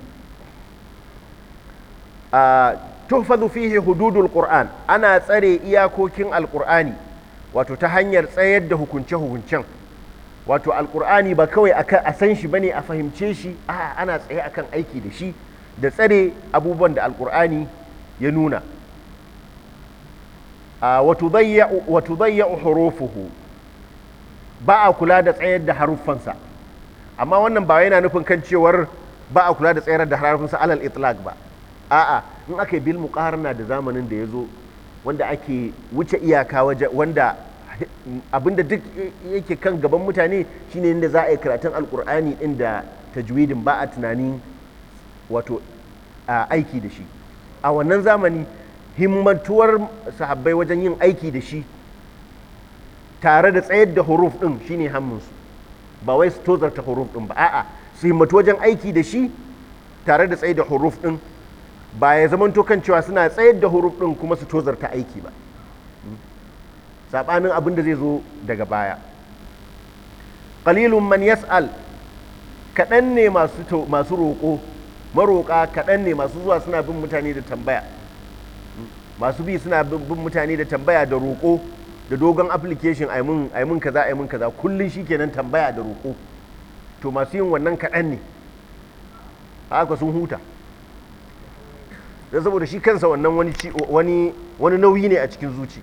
a ah, tuhfazu fihi hududul qur'an ana tsare iyakokin alqur'ani wato ta hanyar tsayar da hukunce-hukuncen wato alkur'ani ba kawai a san shi bane a fahimce shi a ana tsaye akan aiki da shi da tsare abubuwan da alkur'ani ya nuna wato zayya hurufuhu ba a kula da tsayar da haruffansa amma wannan ba yana nufin kan cewar ba a kula da tsayar da haruffansa alal itlaq ba a'a in aka yi bil muqarna da zamanin da ya zo wanda ake wuce iyaka wanda abinda duk yake kan gaban mutane shine inda za a yi karatun alkur'ani inda tajwidin ba a tunanin wato aiki da shi a wannan zamani himmantuwar sahabbai wajen yin aiki da shi tare da tsayar da huruf din shine hannunsu ba wai su tozarta huruf din ba a'a su himmatu wajen aiki da shi tare da tsayar da huruf din ba ya zamanto kan cewa suna tsayar da huruf din kuma su tozarta aiki ba saɓanin abin da zai zo daga baya qalilun man yas'al kaɗan ne masu roƙo maroƙa kaɗan ne masu zuwa suna bin mutane da tambaya masu bi suna bin mutane da tambaya da roƙo da dogon application aimun aimin kaza aimun kaza kullun shikenan tambaya da roƙo to masu yin wannan kaɗan ne haka sun huta saboda shi kansa wannan wani wani nauyi ne a cikin zuci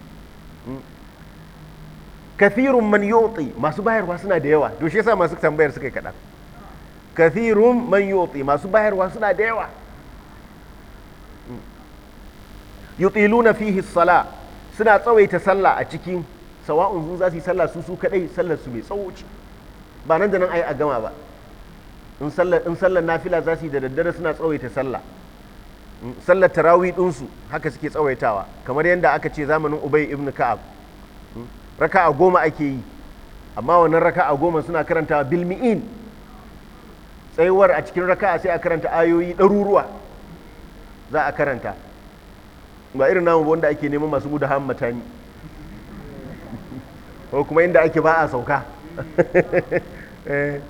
hmm. kathirun man yuti masu bayarwa suna da yawa to shi yasa masu tambayar suka kaɗan kathirun man yuti masu bayarwa suna da yawa hmm. yutiluna fihi sala suna tsawaita sallah a cikin sawa'un sun za su yi sallah su su kadai sallar su mai tsawo ba nan da nan ai a gama ba in sallar in sallar nafila za su yi da daddare suna tsawaita sallah hmm. sallar tarawih su haka suke tsawaitawa kamar yadda aka ce zamanin ubay ibn ka'ab hmm. raka'a goma ake yi amma wannan raka'a goma suna karanta bilmi'in tsayuwar a cikin raka'a sai a karanta ayoyi ɗaruruwa za a karanta ba irin namu wanda ake neman masu gudu hannun ni ko kuma inda ake ba a sauka eh,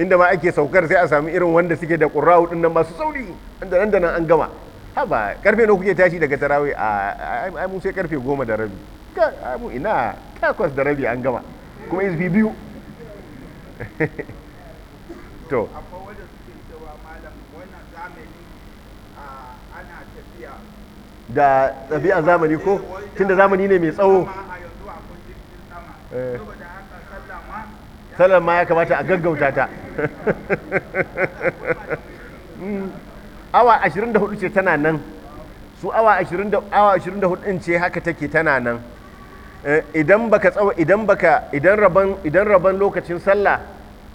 inda ma ake saukar sai a sami irin wanda suke da ƙura'u ɗin nan masu sauri inda nan da nan an gama haba karfe na kuke tashi daga tarawih a ai sai karfe goma da rabi abu ina takwas da rabi an gama kuma izbi biyu to da tafiya zamani ko tun da zamani ne mai tsawo eh. sallar ma ya kamata a gaggauta ta mm. awa 24 ce tana nan su awa 24 ce haka take tana nan Eh, idan baka tsawa idan baka idan raban idan raban lokacin sallah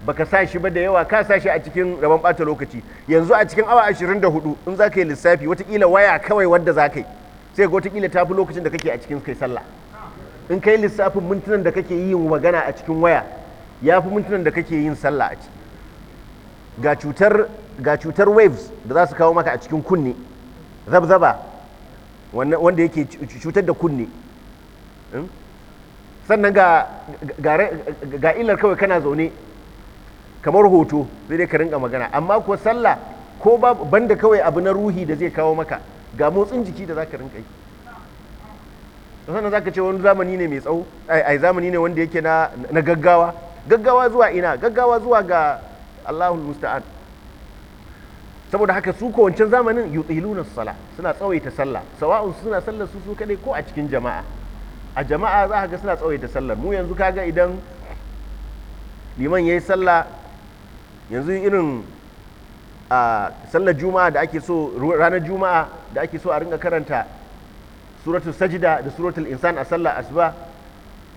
baka sa shi ba da yawa ka sa shi a cikin raban bata lokaci yanzu a cikin awa 24 in za ka yi lissafi watakila waya kawai wadda za ka yi sai ga watakila ta fi lokacin da kake a cikin kai sallah in kai lissafin mintunan da kake yin magana a cikin waya ya fi mintunan da kake yin sallah a ciki ga cutar ga cutar waves da za su kawo maka a cikin kunne zabzaba wanda yake cutar da kunne hmm? sannan ga illar kawai kana zaune kamar hoto zai dai ka rinka magana amma ko sallah ko banda kawai abu na ruhi da zai kawo maka ga motsin jiki da za ka rinka yi sannan za ka ce wani zamani ne mai tsawo ai zamani ne wanda yake na gaggawa gaggawa zuwa ina gaggawa zuwa ga allahul musta'an saboda haka su ko wancan zamanin yutiluna sala suna tsawaita sallah sawa'un suna sallar su su kadai ko a cikin jama'a a jama'a za ka ga suna tsawaita sallar mu yanzu kaga idan liman ya yi sallah yanzu irin a sallar juma'a da ake so ranar juma'a da ake so a ringa karanta suratul sajida da suratul insan a sallar asuba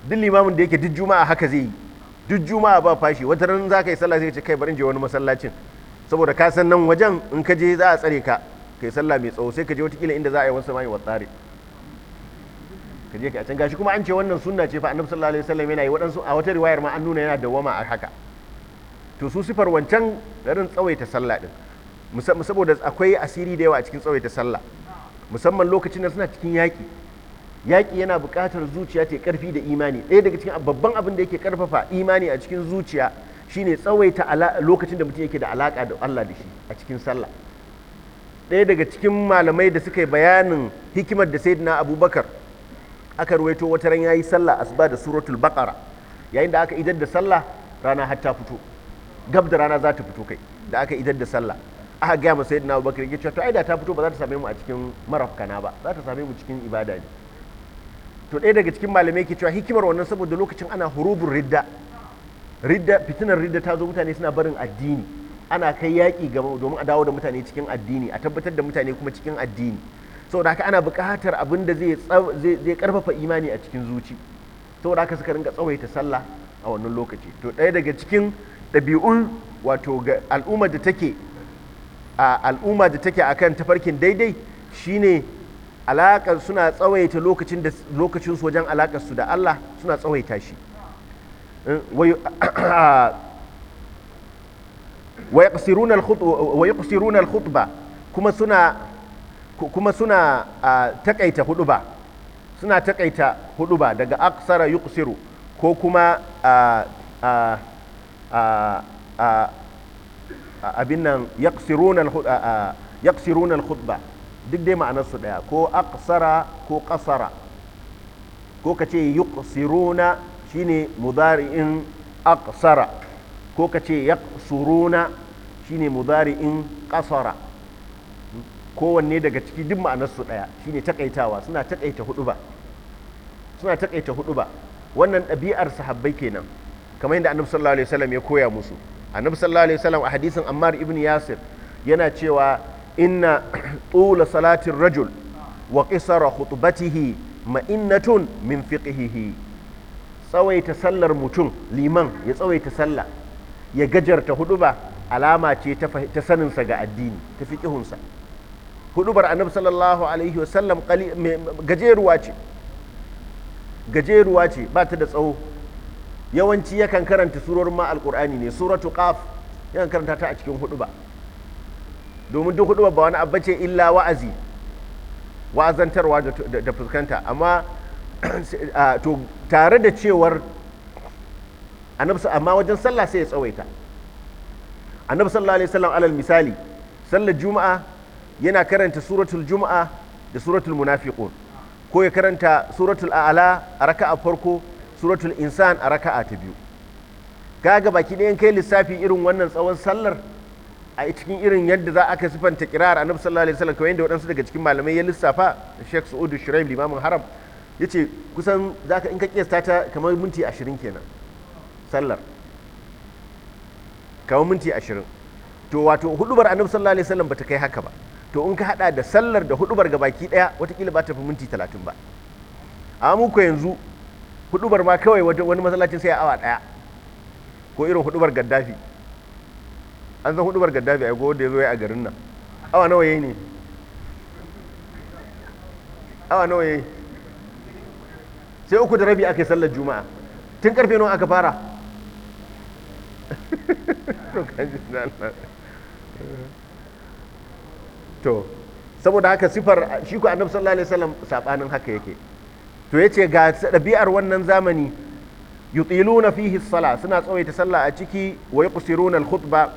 duk limamin da yake duk juma'a haka zai yi duk juma'a ba fashi wata ran za ka yi sallah sai ce kai barin je wani masallacin saboda ka san nan wajen in ka je za a tsare ka kai sallah mai tsawo sai ka je watakila inda za a yi wasu mai wa tsare ka je ka a can gashi kuma an ce wannan sunna ce fa annabi sallallahu alaihi wasallam yana yi waɗansu a wata riwayar ma an nuna yana dawwama a haka to su sifar wancan garin tsawaita sallah din saboda akwai asiri da yawa a cikin tsawaita sallah musamman lokacin da suna cikin yaƙi yaƙi yana buƙatar zuciya ta ƙarfi da imani ɗaya daga cikin babban abin da yake ƙarfafa imani a cikin zuciya shine tsawaita lokacin da mutum yake da alaƙa da Allah da shi a cikin sallah ɗaya daga cikin malamai da suka yi bayanin hikimar da sayyidina abubakar aka ruwaito wata ran yayi sallah asba da suratul baqara yayin da aka idar da sallah rana har ta fito gab da rana za ta fito kai da aka idar da sallah aka gaya masa yadda abu bakar cewa to ai da ta fito ba za ta same mu a cikin marafkana ba za ta same mu cikin ibada ne to ɗaya daga cikin malamai ke cewa hikimar wannan saboda lokacin ana hurubun ridda ridda fitinar ridda ta zo mutane suna barin addini ana kai yaƙi gaba domin a dawo da mutane cikin addini a tabbatar da mutane kuma cikin addini saboda ka ana buƙatar abin da zai karfafa imani a cikin zuci saboda ka suka ringa tsawaita sallah a wannan lokaci to ɗaya daga cikin ɗabi'un wato ga al'umma da take a al'umma da take akan tafarkin daidai shine alaƙar suna tsawaita lokacin da lokacin su wajen alaƙar su da Allah suna tsawaita shi uhm, wa yaqsiruna al-khutba kuma suna kuma suna takaita hudu ba suna takaita hudu ba daga aksara yuqsiru ko kuma abin nan yaksirunan al duk dai ma'anar su daya ko aksara ko kasara ko ka ce yuqsiruna shine mudari'in aksara ko ka ce yaqsuruna shine mudari'in kasara kowanne daga ciki duk ma'anar su ɗaya shine takaitawa suna takaita hudu ba suna takaita hudu ba wannan ɗabi'ar sahabbai kenan kamar yadda annabi sallallahu alaihi wasallam ya koya musu annabi sallallahu alaihi wasallam a hadisin ammar ibn yasir yana cewa inna tula salatin rajul wa qisara khutbatihi ma'innatun min fiqhihi tsawaita sallar mutum liman ya tsawaita sallah ya gajarta hudu ba alama ce ta saninsa ga addini ta fiqihunsa hudubar annabi sallallahu alaihi wasallam gajeruwa ce gajeruwa ce ba ta da tsawo yawanci yakan karanta surorin ma alkur'ani ne suratu qaf yakan karanta ta a cikin huduba domin duk huduba ba wani abu ce illa wa'azi wa'azantarwa da fuskanta amma to tare da cewar annabi amma wajen sallah sai ya tsawaita annabi sallallahu alaihi wasallam alal misali sallar juma'a yana karanta suratul juma'a da suratul munafiqun ko ya karanta suratul a'la a raka'a farko suratul insan a raka'a ta biyu kaga baki ɗayan kai lissafi irin wannan tsawon sallar a cikin irin yadda za aka sifanta kirar annabi sallallahu alaihi wasallam kamar yadda waɗansu daga cikin malamai ya lissafa Sheikh Saudu Shuraim limamin haram yace kusan zaka in ka kiyasta ta kamar minti 20 kenan sallar kamar minti 20 to wato hudubar annabi sallallahu alaihi wasallam bata kai haka ba to in ka hada da sallar da hudubar ga baki daya watakila ba ta fi minti talatin ba a muku yanzu hudubar ma kawai wani masallacin sai awa daya ko irin hudubar gaddafi an san hudubar gaddafi a da ya zo ya a garin nan awa nawa yayi ne awa nawa yayi sai uku da rabi aka yi sallar juma'a tun karfe nawa aka fara to saboda haka sifar shi ku annabi sallallahu alaihi wasallam sabanin haka yake to yace ga ɗabi'ar wannan zamani yutiluna fihi sala suna tsawaita sallah a ciki wa yuqsiruna al-khutba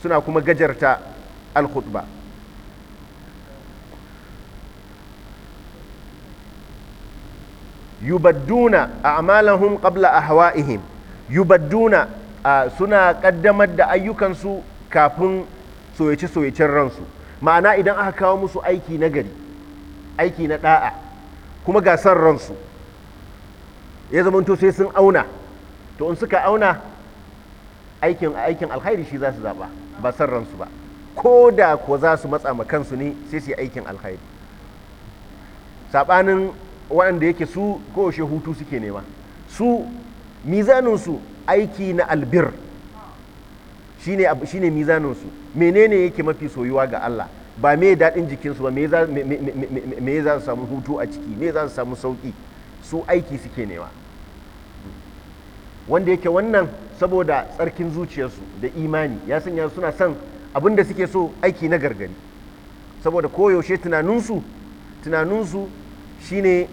suna kuma gajarta al-khutba yubadduna a'malahum qabla ahwa'ihim yubadduna suna kaddamar da ayyukansu kafin soyace-soyacen ransu ma'ana idan aka kawo musu aiki na gari aiki na ɗa'a kuma ga son ransu ya zamanto sai sun auna to in suka auna aikin aikin alkhairi shi za su zaba ba son ransu ba ko da ko za su matsa ma kansu ne sai su yi aikin alkhairi saɓanin waɗanda yake su ko hutu suke nema su mizaninsu aiki na albir shine shine mizanin su menene yake mafi soyuwa ga Allah ba me daɗin jikinsu ba me za su samu hutu a ciki me za su samu sauƙi su aiki suke nema wanda yake wannan saboda tsarkin zuciyarsu da imani ya sanya suna son abin da suke so aiki na gargari saboda koyaushe tunaninsu tunaninsu shine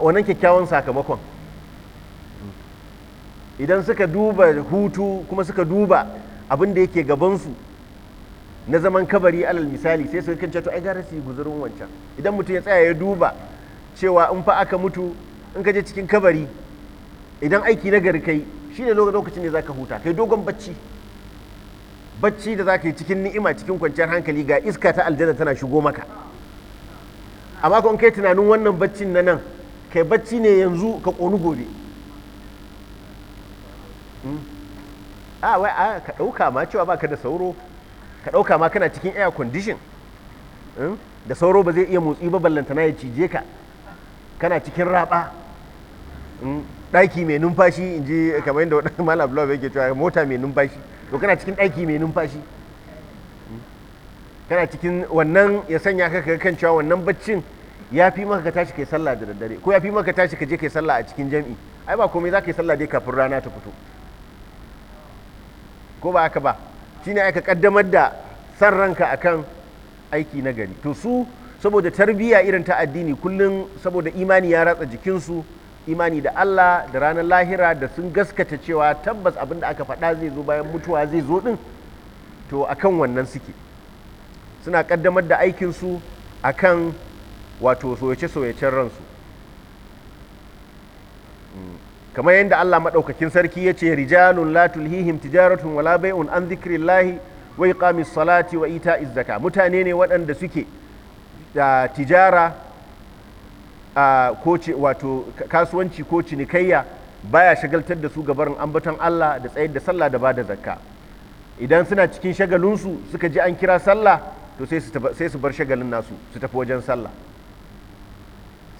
wannan kyakkyawan sakamakon idan suka duba hutu kuma suka duba abin da yake gabansu na zaman kabari alal misali sai suka kance to ai gara su yi guzurin wancan idan mutum ya tsaya ya duba cewa in fa aka mutu in ka je cikin kabari idan aiki na gari kai shi ne lokacin ne ka huta kai dogon bacci bacci da za ka yi cikin ni'ima cikin kwanciyar hankali ga iska ta aljanna tana shigo maka amma kun kai tunanin wannan baccin na nan kai bacci ne yanzu ka ƙonu gobe Hmm. a ah, wai a ah, ka ɗauka ma cewa baka da sauro ka ɗauka ma kana cikin air condition hmm? da sauro ba zai iya motsi ba na ya cije ka kana cikin raba hmm? ɗaki mai numfashi in ji kamar yadda waɗannan malam blog yake cewa mota mai numfashi to kana cikin ɗaki mai numfashi kana cikin wannan ya sanya ka ka kan cewa wannan baccin ya fi maka ka tashi kai sallah da daddare ko ya fi maka ka tashi ka je kai sallah a cikin jam'i ai ba komai za ka yi sallah dai kafin rana ta fito ko ba haka ba shi ne aka kaddamar da san ranka akan aiki na gari to su saboda tarbiyya irin ta addini kullum saboda imani ya ratsa jikinsu imani da Allah da ranar lahira da sun gaskata cewa tabbas abin da aka faɗa zai zo bayan mutuwa zai zo ɗin to akan wannan suke suna kaddamar da aikinsu akan wato soyace-soyacen ransu hmm. kamar yadda Allah maɗaukakin sarki ya ce rijalun la tulhihim tijaratun wala bai'un an zikrillahi wa iqamis salati wa ita zaka mutane ne waɗanda suke da tijara ko wato kasuwanci ko cinikayya baya shagaltar da su gabarin ambaton Allah da tsayar da sallah da bada zakka idan suna cikin shagalinsu suka ji an kira sallah to sai su bar shagalin nasu su tafi wajen sallah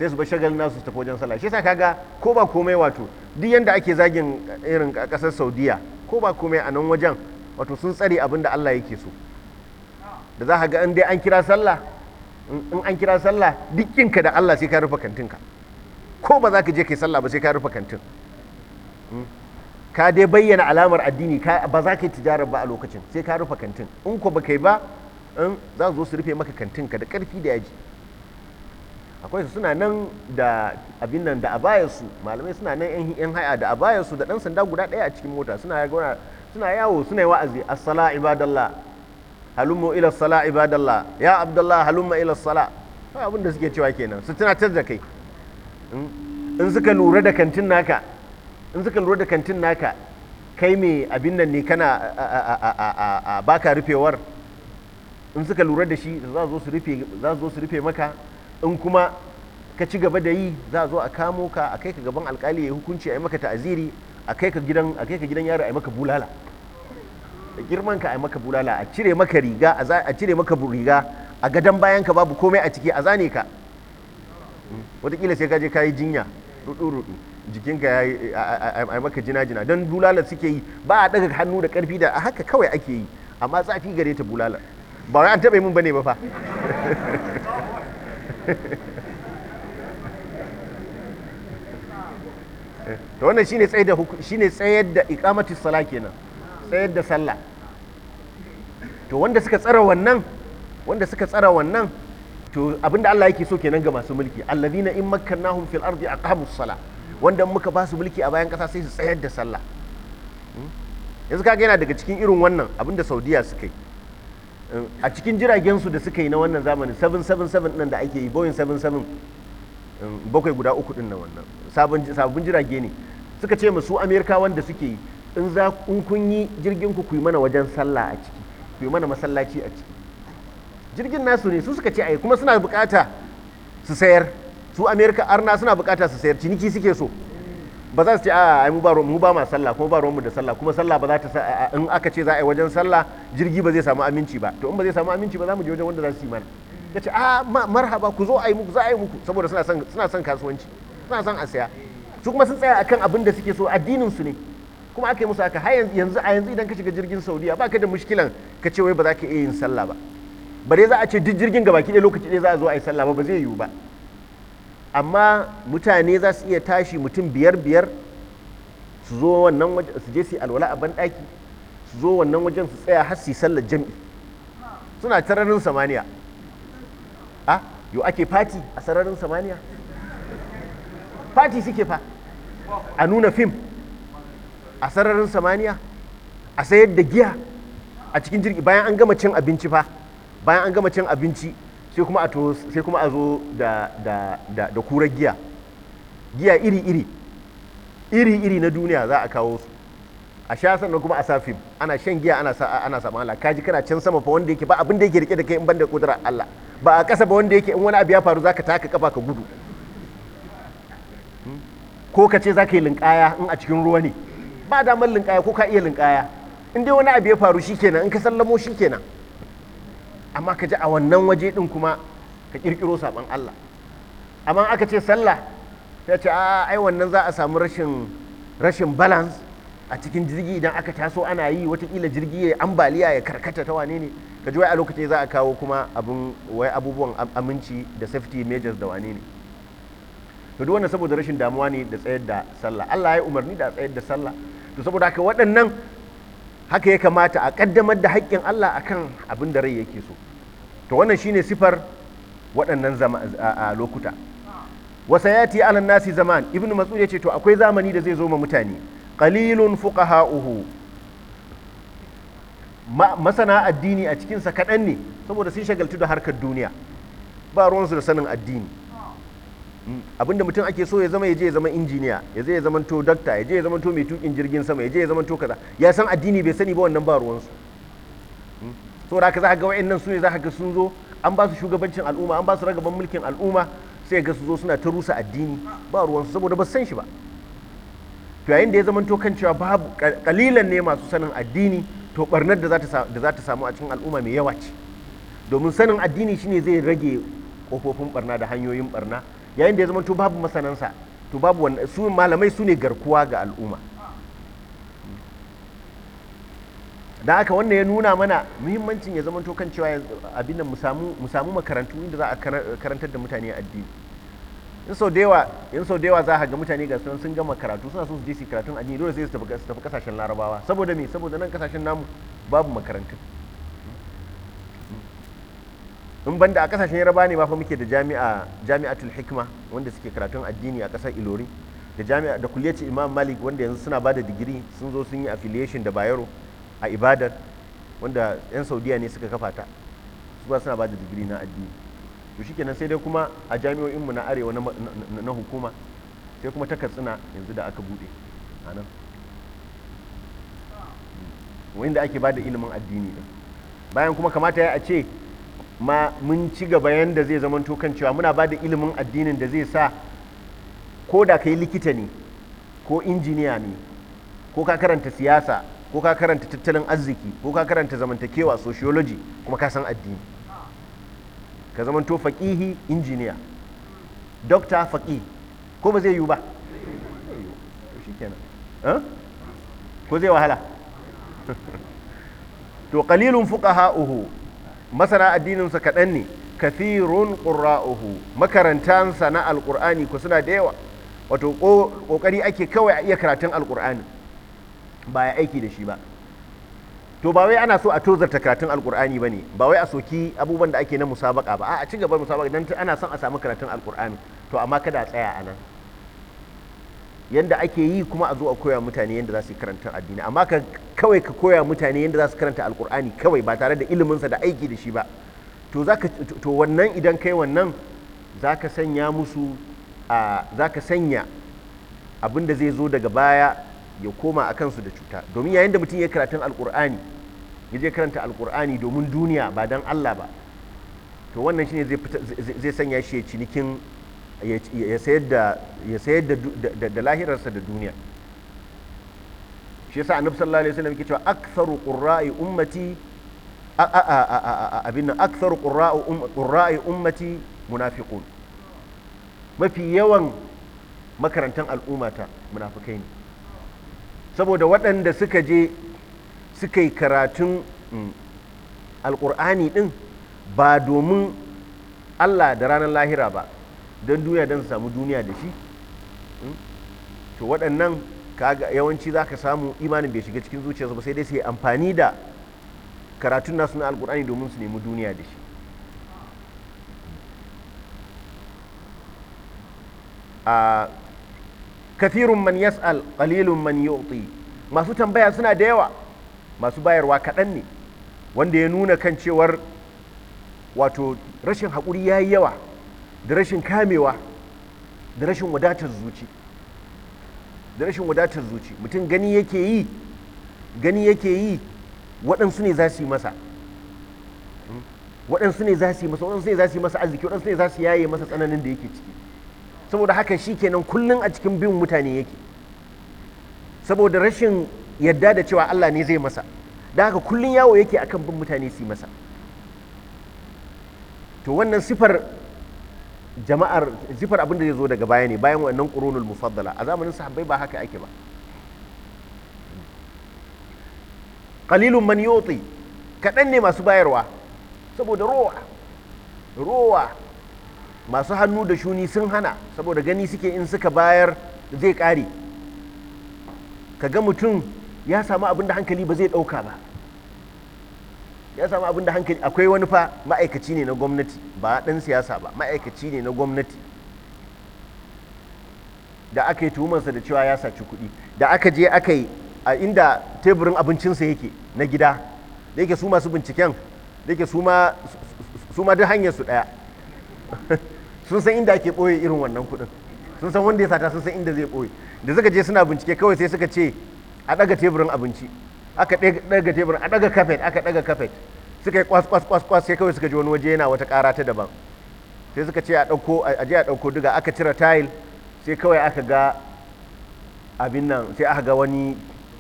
sai su bar shagalin nasu su tafi wajen sallah shi yasa kaga ko ba komai wato duk yanda ake zagin irin kasar saudiya ko ba komai a nan wajen wato sun tsare abin da allah yake so da za ka ga in dai an kira sallah in an kira sallah dukkinka da allah sai ka rufe kantinka ko ba za ka je kai sallah ba sai ka rufe kantin hmm? ka dai bayyana alamar addini ba za ka yi tijarar ba a lokacin sai ka rufe kantin in ko ba kai ba za su zo su rufe maka kantinka da karfi da yaji akwai su suna nan da abin nan da su malamai suna nan yan haya da su da dan sanda guda daya a cikin mota suna suna yawo suna wa'azi as ibadallah halumma ila sala ibadallah ya abdullah halumma ila sala abin da suke cewa kenan su tunatar da kai hmm? in suka lura da kantin naka in suka lura da kantin naka kai me abin nan ne kana baka rufewar in suka lura da shi za zo su rufe maka in kuma ka ci gaba da yi za a zo a kamo ka a kai ka gaban alkali ya hukunci a yi maka ta'aziri a kai ka gidan a kai ka gidan yaro a yi maka bulala girman ka a yi maka bulala a cire maka riga a cire maka riga a gadon bayan ka babu komai a ciki a zane ka hmm. wataƙila sai ka je ka yi jinya rudu-rudu jikinka ya yi a maka jina-jina don bulala suke yi ba a daga hannu da karfi da a haka kawai ake yi amma tsafi gare ta bulala ba wai an taɓa yi mun bane ba fa to wannan shine tsaye da shine tsayar da iqamati sala kenan tsayar da sallah to wanda suka tsara wannan wanda suka tsara wannan to abinda Allah yake so kenan ga masu mulki allazina in makkannahum fil ardi aqamu sala wanda muka ba su mulki a bayan kasa sai su tsayar da sallah hmm? yanzu kaga yana daga cikin irin wannan abinda Saudiya suka yi a cikin jiragen su da suka yi na wannan zamani 777 nan da ake yi boeing 777 um, bakwai guda uku din na wannan sabon jirage ne suka ce masu amerikawan da suke yi in za in kun yi jirgin ku ku yi mana wajen sallah a ciki ku yi mana masallaci a ciki jirgin nasu ne su suka ce ai kuma suna bukata su sayar su amerika arna suna bukata su sayar ciniki suke so ba za su ce a ah, ai mu ba mu ba ma sallah kuma ba ruwanmu da sallah kuma sallah ba za ta in aka ce za a yi wajen sallah jirgi ba zai samu aminci ba to in ba zai samu aminci ba za mu je wajen wanda za su yi mana ya ce ah, a marhaba ku zo a yi muku za a yi muku saboda suna son suna son kasuwanci suna son a saya su kuma sun tsaya akan abin da suke so addinin su ne kuma aka yi musu aka har yanzu a yanzu idan ka shiga jirgin Saudiya ka da mushkilan ka ce wai ba za ka iya yin sallah ba bare za a ce duk jirgin gabaki ɗaya lokaci ɗaya za a zo a yi sallah ba ba zai yiwu ba amma mutane za su iya tashi mutum biyar biyar su zo wannan wajen su je su alwala a banɗaki su zo wannan wajen su tsaya har su sallar jami'i suna sararin samaniya a ah, yo ake fati a sararin samaniya fati suke fa a nuna fim a sararin samaniya a sayar da giya a cikin jirgi bayan an gama cin abinci fa bayan an gama cin abinci sai kuma a to sai kuma a zo da da da, da kurar giya giya iri iri iri iri na duniya za a kawo su a sha sannan kuma a sa fim ana shan giya ana sa ana sa mala kaji kana can sama fa wanda yake ba abin da yake rike da kai in banda kudrar Allah ba a kasa ba wanda yake in wani abu ya faru zaka taka kafa ka gudu hmm? ko ka ce zaka yi linkaya in a cikin ruwa ne ba damar linkaya ko ka iya linkaya in dai wani abu ya faru shikenan in ka sallamo shikenan amma ka ji a wannan waje din kuma ka kirkiro saban Allah amma aka ce sallah ta ce ai wannan za a samu rashin rashin balance a cikin jirgi idan aka taso ana yi watakila jirgi ya ambaliya ya karkata ta wane ne ka ji wai a lokaci za a kawo kuma abin abubuwan aminci da safety measures da wane ne to duk saboda rashin damuwa ne da tsayar da sallah Allah ya umarni da tsayar da sallah to saboda haka waɗannan haka ya kamata a ƙaddamar da haƙƙin Allah a kan abin da rai yake so to wannan shine sifar waɗannan a lokuta wasa ya ti alan nasi zaman ibn matsu ya ce to akwai zamani da zai zo ma mutane qalilun hauhu masana addini a cikinsa kaɗan ne saboda sun shagaltu da harkar duniya ba ruwansu da sanin addini abinda mutum ake so ya zama ya je ya zama injiniya ya je ya zama to dakta ya je ya zama to mai tukin jirgin sama ya je ya zama to kaza ya san addini bai sani ba wannan ba ruwansu hmm? so da za ka ga wa'annan su ne za ka ga sun zo an ba su shugabancin al'umma an ba su ragaban mulkin al'umma sai ga su zo suna ta rusa addini ba ruwansu saboda ba san shi ba to yayin da ya zamanto kan cewa babu kalilan ne masu sanin addini to barnar da za ta samu a cikin al'umma mai yawa ce domin sanin addini shine zai rage kofofin barna da hanyoyin barna yayin da ya zama to babu masanansa to babu su malamai su ne garkuwa ga al'umma da aka wannan ya nuna mana muhimmancin ya zama to kan cewa abin da mu samu makarantu inda za a karantar da mutane addini in sau da yawa in sau da yawa za a ga mutane ga sun sun gama karatu suna so su je su karatun addini dole sai su tafi kasashen larabawa saboda me saboda nan kasashen namu babu makarantu in banda a kasashen yaraba ne ma fa muke da jami'a jami'atul hikma wanda suke karatun addini a kasar ilori da jami'a da kulliyar imam malik wanda yanzu suna bada digiri sun zo sun yi affiliation da bayero a ibadar wanda yan saudiya ne suka kafa ta su ba suna bada digiri na addini to shikenan sai dai kuma a mu na arewa na hukuma sai kuma ta katsina yanzu da aka bude a nan wanda ake ba da ilimin addini din bayan kuma kamata ya a ce ma mun ci gaba yadda zai zama kan cewa muna ba da ilimin addinin da zai sa ko da ka yi likita ne ko injiniya ne ko ka karanta siyasa ko ka karanta tattalin arziki ko ka karanta zamantakewa sociology kuma ka san addini ka to faƙihi injiniya dokta faƙi ko ba zai yiwu ba ko zai wahala to fuka hauhu. masana addininsa kaɗan ne kathirun ƙura'uhu makarantansa na alƙur'ani ku suna da yawa wato ƙoƙari ake kawai a iya karatun alƙur'ani ba ya aiki da shi ba to ba wai ana so a tozarta karatun alƙur'ani ba ne ba wai a soki abubuwan da ake na musabaka ba a ci gaba musabaka don ana son a samu karatun alƙur'ani to amma kada a tsaya a nan yanda ake yi kuma a zo a koya mutane yanda za su karanta addini amma ka kawai ka koya mutane yanda za su karanta alkur'ani kawai ba tare da iliminsa da aiki da shi ba to wannan idan kai wannan zaka sanya musu a ka sanya abin zai zo daga baya ya koma a kansu da cuta domin yayin da mutum ya karatun alkur'ani ya je karanta alkur'ani domin duniya ba don allah ba to wannan shine zai sanya shi ya cinikin ya sayar da lahirarsa da duniya shi yasa annabi sallallahu alaihi wasallam yake cewa aktharu qurra'i ummati abin nan aktharu um, qurra'i ummati munafiqun mafi yawan makarantan al'ummata munafikai ne saboda waɗanda suka je suka yi karatun mm, alƙur'ani ɗin ba domin allah da ranar lahira ba don duniya don samu duniya da shi hmm? to waɗannan kaga yawanci za ka samu imanin bai shiga cikin zuciyarsu ba sai dai su yi amfani da karatun nasu na alkur'ani domin su nemi duniya da shi a kafirun man yas'al qalilun man yu'ti masu tambaya suna da yawa masu bayarwa kaɗan ne wanda ya nuna kan cewar wato rashin haƙuri ya yi yawa da rashin kamewa da rashin wadatar zuci da rashin wadatar zuci mutum gani yake yi gani yake yi waɗansu ne za su yi masa waɗansu ne za su yi masa waɗansu ne za su yi masa arziki waɗansu ne za su yaye masa tsananin da yake ciki saboda haka shi kenan kullum a cikin bin mutane yake saboda rashin yadda da cewa Allah ne zai masa da haka kullum yawo yake akan bin mutane su yi masa to wannan sifar jama'ar zifar abin da zai zo daga baya ne bayan wannan ƙurunul mufaddala a zamanin sahabbai ba haka ake ba qalilun man yuti kaɗan ne masu bayarwa saboda rowa rowa masu hannu da shuni sun hana saboda gani suke in suka bayar zai ƙare ka ga mutum ya samu abin da hankali ba zai ɗauka ba ya samu abin da hankali akwai wani fa ma'aikaci ne na gwamnati ba ɗan siyasa ba ma'aikaci ne na gwamnati da aka yi tuhumarsa da cewa ya saci kuɗi da aka je aka yi a inda teburin abincinsa yake na gida da yake su masu binciken da yake su ma duk hanyar su ɗaya sun san inda ake ɓoye irin wannan kuɗin sun san wanda ya sata sun san inda zai ɓoye da suka je suna bincike kawai sai suka ce a ɗaga teburin abinci aka daga tebur a daga kafet aka daga kafet suka yi kwas kwas kwas kwas sai kawai suka ji wani waje yana wata kara ta daban sai suka ce a dauko a je a dauko duga aka cire tile sai kawai aka ga abin nan sai aka ga wani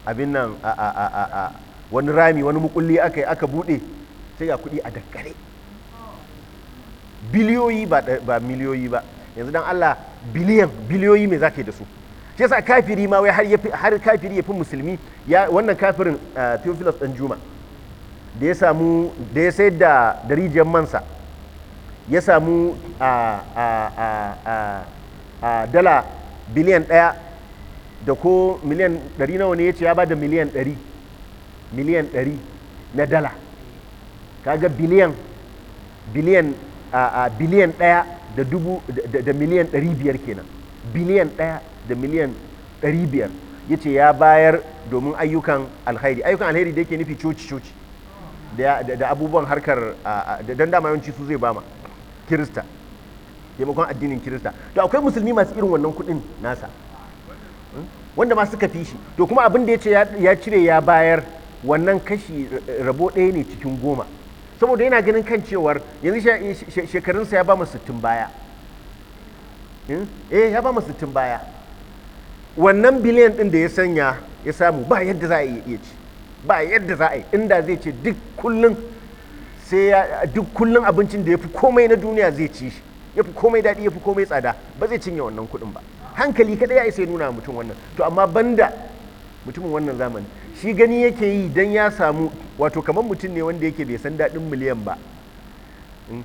abin nan a a a a a wani rami wani mukulli aka yi aka bude sai ga kuɗi a dakkare biliyoyi ba miliyoyi ba yanzu dan Allah biliyan biliyoyi me zake da su shi yasa kafiri ma wai har kafiri ya fi musulmi ya wannan kafirin eh, Theophilus dan Juma da ya samu da ya sayar da darijiyar mansa ya samu a dala biliyan ɗaya da ko miliyan ɗari nawa ne ya ce ya ba da miliyan ɗari miliyan ɗari na dala kaga biliyan biliyan biliyan ɗaya da da miliyan ɗari biyar kenan biliyan ɗaya da miliyan ɗari biyar ya ce ya bayar domin ayyukan alheri ayyukan alheri da yake nufi coci-coci da abubuwan harkar da dan dama yawanci su zai bama kirista taimakon addinin kirista to akwai musulmi masu irin wannan kuɗin nasa hmm? wanda ma suka fi shi to kuma abin da ya ce ya cire ya bayar wannan kashi rabo ɗaya ne cikin goma saboda yana ganin kan cewar yanzu shekarunsa ya ba mu sittin baya Hmm? eh ya ba mu 60 baya wannan biliyan din da ya sanya ya samu ba yadda za a iya ci ba yadda za a yi inda zai ce duk kullum sai duk kullum abincin da ya fi komai na duniya zai ci shi ya fi komai daɗi ya fi komai tsada ba zai cinye wannan kuɗin ba hankali kaɗai ya isa nuna mutum wannan to amma banda mutumin wannan zamani shi gani yake yi don ya samu wato kamar mutum ne wanda yake bai san daɗin miliyan ba hmm?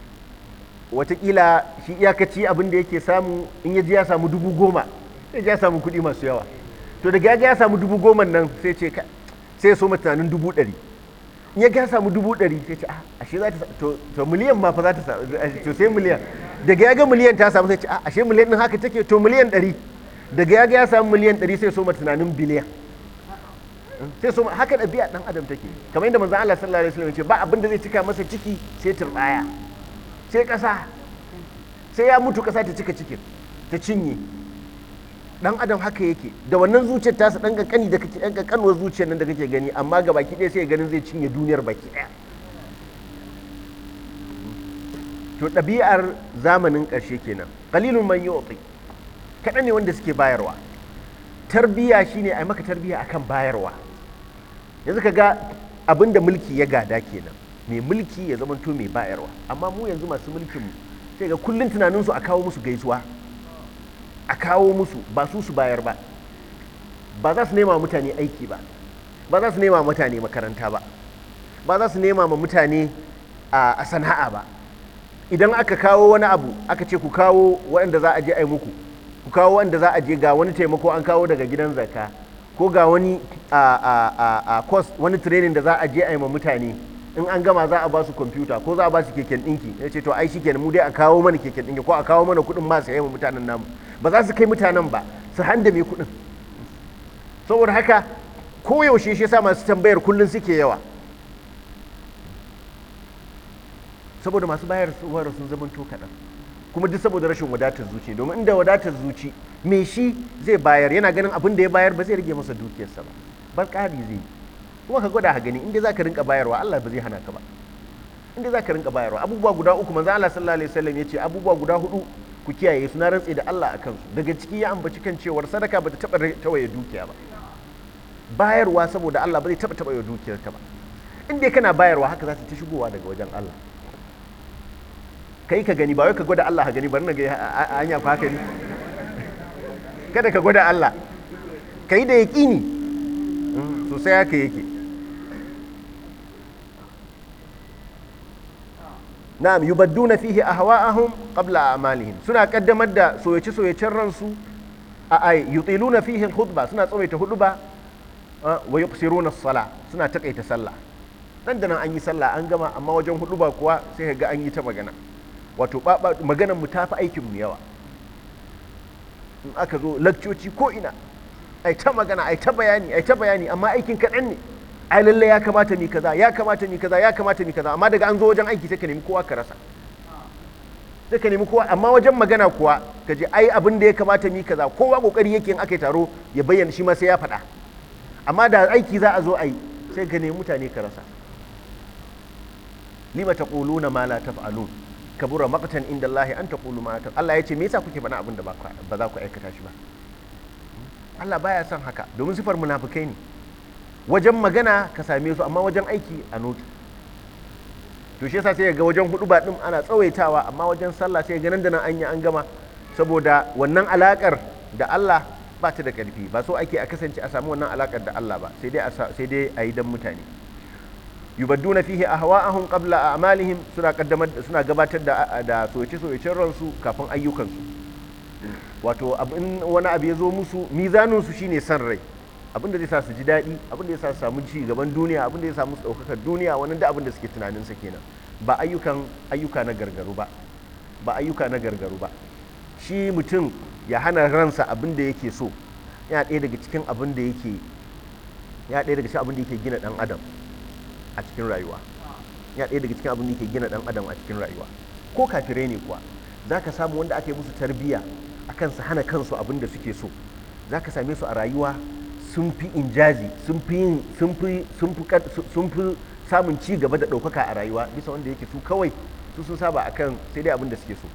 watakila shi iyakaci abin da yake samu in ya ji ya samu dubu goma ji ya samu kuɗi masu yawa to daga ya samu dubu goma nan sai ce sai so tunanin dubu ɗari in ya ga samu dubu ɗari sai ce a ah, ashe za ta to miliyan ma fa za ta samu to sai miliyan daga ya ga miliyan ta samu sai ce a ah, ashe miliyan din haka take to miliyan ɗari daga ya ga ya samu miliyan ɗari sai so tunanin biliyan sai so haka ɗabi'a ɗan adam take kamar yadda manzon Allah sallallahu alaihi wasallam ya ce ba abin da zai cika masa ciki sai turbaya sai ƙasa sai ya mutu ƙasa ta cika cikin ta cinye dan adam haka yake da wannan zuciyar tasa dan kankani da kake dan kankanuwar zuciyar nan da kake gani amma ga baki ɗaya sai ganin zai cinye duniyar baki ɗaya to ɗabi'ar zamanin ƙarshe kenan qalilun man yu'ti kada ne wanda suke bayarwa tarbiya shine ai maka tarbiya akan bayarwa yanzu ka ga abinda mulki ya gada kenan mai mulki ya zama to mai bayarwa amma mu yanzu masu mulkin mu sai ga kullun tunaninsu a kawo musu gaisuwa a kawo musu ba su su bayar ba ba za su nema mutane aiki ba ba za su nema mutane makaranta ba ba za su nema mutane a sana'a ba idan aka kawo wani abu aka ce ku kawo waɗanda za a je a yi muku ku kawo waɗanda za a je ga wani taimako an kawo daga gidan zaka ko ga wani a a a a wani training da za a je a yi ma mutane in an gama za a ba su kwamfuta ko za a ba su keken ɗinki ya ce to ai shi kenan mu dai a kawo mana keken ɗinki ko a kawo mana kuɗin ma su mu mutanen namu ba za su kai mutanen ba su handa mai kuɗin saboda haka koyaushe shi sa masu tambayar kullum suke yawa saboda masu bayar wara sun zama to kaɗan kuma duk saboda rashin wadatar zuci domin inda wadatar zuci me shi zai bayar yana ganin abin da ya bayar ba zai rage masa dukiyarsa ba ba ƙari zai yi kuma ka gwada gani inda za ka rinka bayarwa Allah ba zai hana ka ba inda za ka rinka bayarwa abubuwa guda uku manzo Allah sallallahu alaihi wasallam yace abubuwa guda hudu ku kiyaye su na rantsi da Allah akan su daga ciki ya ambaci kan cewar sadaka ba ta taba tawaye dukiya ba bayarwa saboda Allah ba zai taba taba dukiyar ka ba inda kana bayarwa haka za ta ta shigowa daga wajen Allah kai ka gani ba wai ka gwada Allah ka gani bari na ga anya fa haka ne kada ka gwada Allah kai da yaqini hmm, sosai haka yake na na'am yubadduna fihi ahwa'ahum qabla a'malihim suna kaddamar da soyace soyacen ransu a ai yutiluna fihi al-khutba suna tsawaita huduba wa yuqsiruna na sala suna taƙaita sallah nan da nan an yi sallah an gama amma wajen huduba kuwa sai ga an yi ta magana wato maganar mu tafi aikin mu yawa in aka zo lakcoci ko ina ai ta magana ai ta bayani ai ta bayani amma aikin kaɗan ne ai lalle ya kamata mi kaza ya kamata mi kaza ya kamata mi kaza amma daga an zo wajen aiki sai ka nemi kowa ka rasa sai ka nemi kowa amma wajen magana kuwa ka je ai abin da ya kamata mi kaza kowa kokari yake in aka taro ya bayyana shi ma sai ya faɗa amma da aiki za a zo ai sai ka nemi mutane ka rasa lima taquluna ma la taf'alun kabura maqtan inda Allah an taqulu ma ta Allah yace me yasa kuke bana abin da ba za ku aikata shi ba Allah baya son haka domin sifar munafikai ne wajen magana ka same su amma wajen aiki a noki to shi yasa sai ga wajen hudu ba din ana tsawaitawa amma wajen sallah sai ga nan da nan an yi an gama saboda wannan alakar da Allah ba ta da karfi ba so ake a kasance a samu wannan alakar da Allah ba sai dai sai dai a yi dan mutane yubadduna fihi ahwa'ahum qabla a'malihim suna kaddamar suna gabatar da da soyace soyacen ransu kafin ayyukansu wato abin wani abu ya zo musu mizanin su shine san rai abin da zai sa su ji daɗi abin da ya sa su samu ci gaban duniya abin da ya samu ɗaukakar duniya wani da abin da suke tunanin sa kenan ba ayyukan ayyuka na gargaru ba ba ayyuka na gargaru ba shi mutum ya hana ransa abin da yake so ya ɗaya daga cikin abin da yake ya ɗaya daga cikin abin da yake gina ɗan adam a cikin rayuwa ya ɗaya daga cikin abin da yake gina ɗan adam a cikin rayuwa ko kafirai ne kuwa za ka samu wanda aka yi musu tarbiyya akan su hana kansu abin da suke so za ka same su a rayuwa sun fi injazi sun fi sun fi samun ci gaba da ɗaukaka a rayuwa bisa wanda yake su kawai su sun saba akan sai dai abin da suke so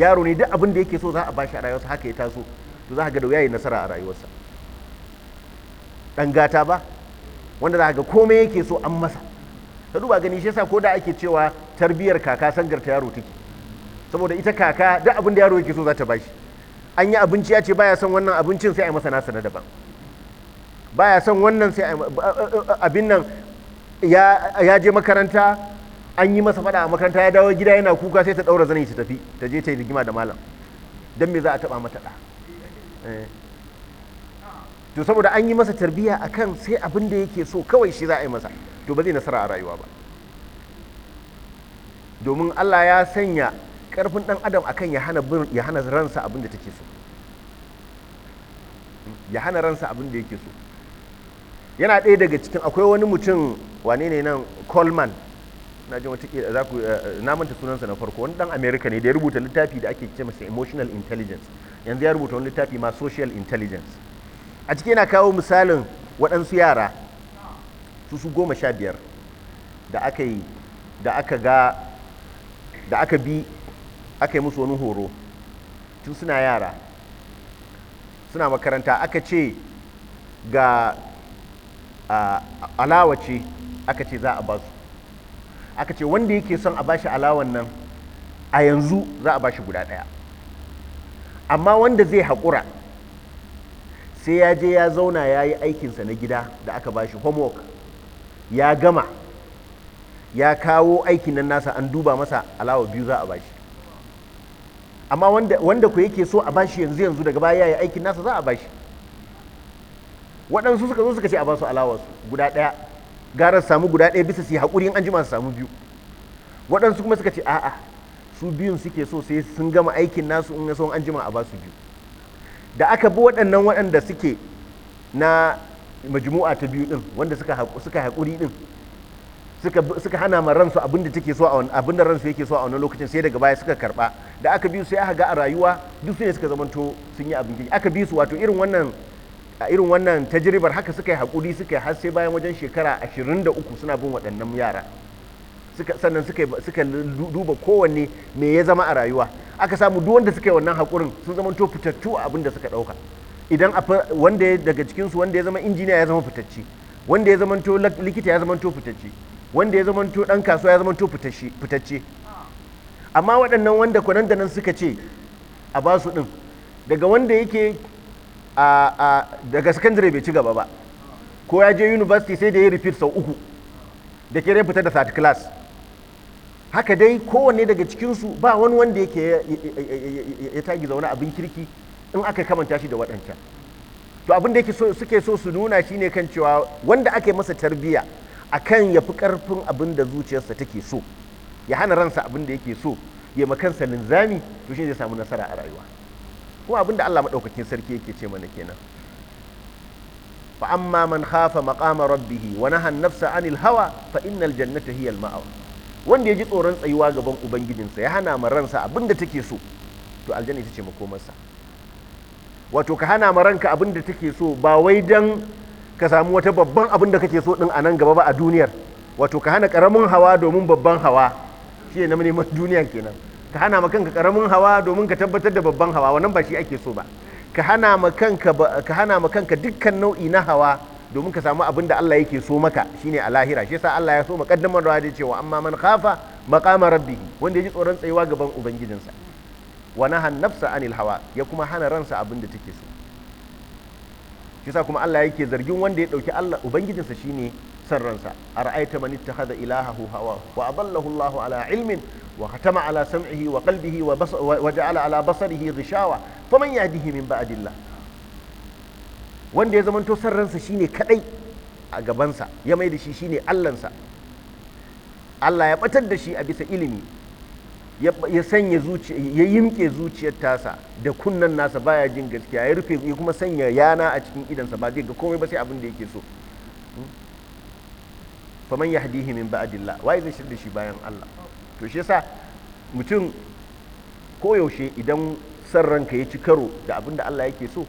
yaro ne duk abin da yake so za a bashi a rayuwarsa haka ya taso to za a ga da yayi nasara a rayuwarsa Dangata gata ba wanda za a ga komai yake so an masa ta duba gani shi yasa ko da ake cewa tarbiyar kaka sangar ta yaro take saboda ita kaka duk abin da yaro yake so za ta bashi an yi abinci ya ce baya son wannan abincin sai a yi masa nasa na daban baya son wannan sai abin nan ya je makaranta an yi masa fada a makaranta ya dawo gida yana kuka sai ta daura zanen ta tafi ta je ta yi rigima da malam don me za a taba mata da eh. to saboda an yi masa tarbiyya akan sai abin da yake so kawai shi za a yi masa to ba zai nasara a rayuwa ba domin Allah ya sanya karfin dan adam akan ya hana ya hana abin da take so hmm, ya hana ransa abin da yake so yana ɗaya daga cikin akwai wani mutum wane ne nan coleman na ji wata za ku eh, eh, namanta sunansa na farko wani dan america ne da ya rubuta littafi da ake ce masa emotional intelligence yanzu ya rubuta wani littafi ma social intelligence a ciki yana kawo misalin waɗansu yara su su goma sha biyar da aka yi da aka ga da aka bi aka yi musu wani horo tun suna yara suna makaranta aka ce ga alawa ce aka ce za a ba su aka ce wanda yake son a bashi alawan nan a yanzu za a bashi guda ɗaya amma wanda zai haƙura sai ya je ya zauna ya yi aikinsa na gida da aka bashi homework ya gama ya kawo aikin nan nasa an duba masa alawa biyu za a bashi amma wanda, ku yake so a bashi yanzu yanzu daga baya ya yi aikin nasa za a bashi waɗansu suka zo suka ce a basu alawas guda ɗaya gara samu guda ɗaya bisa su yi haƙuri an jima su samu biyu waɗansu kuma suka ce a'a su biyun suke so sai sun gama aikin nasu in yaso an jima a basu biyu da aka bi waɗannan waɗanda suke na majmu'a ta biyu ɗin wanda suka haƙuri ɗin suka hana ma ransu abin da take so abin da ransu yake so a wannan lokacin sai daga baya suka karba da aka bi su sai aka ga a rayuwa duk su ne suka zamanto sun yi abin aka bi su wato irin wannan a irin wannan tajribar haka suka yi haƙuri suka yi har sai bayan wajen shekara 23 suna bin waɗannan yara sannan suka duba kowanne me ya zama a rayuwa aka samu duk wanda suka yi wannan haƙurin sun zama to fitattu a abin da suka ɗauka idan wanda ya daga cikinsu wanda ya zama injiniya ya zama fitacci wanda ya zama to likita ya zama to fitacci wanda ya zama to ɗan kasuwa ya zama to fitacce amma waɗannan wanda kwanan da nan suka ce a basu ɗin daga wanda yake daga secondary bai ci gaba ba ko ya je university sai da ya repeat sau uku da ke fita da third class haka dai kowanne daga cikinsu ba wani wanda yake ya tagi zaune abin kirki in aka kamanta shi da waɗancan to abin da suke so su nuna shi ne kan cewa wanda ake masa tarbiyya a kan ya fi ƙarfin abin da zuciyarsa take so ya hana ransa abin da yake so ya makansa linzami to shi zai samu nasara a rayuwa kuma abinda Allah maɗaukakin sarki yake ce mana kenan fa amma man khafa maqama rabbihi wa naha nafsa anil hawa fa innal jannata hiya al ma'aw wanda ya ji tsoron tsayuwa gaban ubangijinsa ya hana ma ransa abinda take so to aljanna ita ce makomarsa wato ka hana ma ranka abinda take so ba wai dan ka samu wata babban abin da kake so din a nan gaba ba a duniyar wato ka hana karamin hawa domin babban hawa shi ne na neman duniya kenan ka hana ma kanka karamin hawa domin ka tabbatar da babban hawa wannan ba shi ake so ba ka hana ma kanka ka hana ma kanka dukkan nau'i na hawa domin ka samu abin da Allah yake so maka shine a lahira shi yasa Allah ya so ma rawa da cewa amma man khafa maqama rabbih wanda yaji tsoron tsayuwa gaban ubangijinsa wa naha nafsa anil hawa ya kuma hana ransa abin da take so shi yasa kuma Allah yake zargin wanda ya dauki Allah ubangijinsa shine san ransa ara'aita man ittakhadha ilahahu hawa wa aballahu Allahu ala ilmin وختم على سمعه وقلبه وجعل على بصره غشاوة فمن يهديه من بعد الله wanda ya zamanto son ransa shine kadai a gabansa ya mai da shi shine allansa allah ya batar da shi a bisa ilimi ya sanya ya yimke zuciyar tasa da kunnan nasa baya jin gaskiya ya rufe ya kuma sanya yana a cikin idansa ba zai ga komai ba sai abin da yake so faman hadihi min Wa ya zai shirda shi bayan allah to shi yasa mutum koyaushe idan san ranka ya ci karo da abin da Allah yake so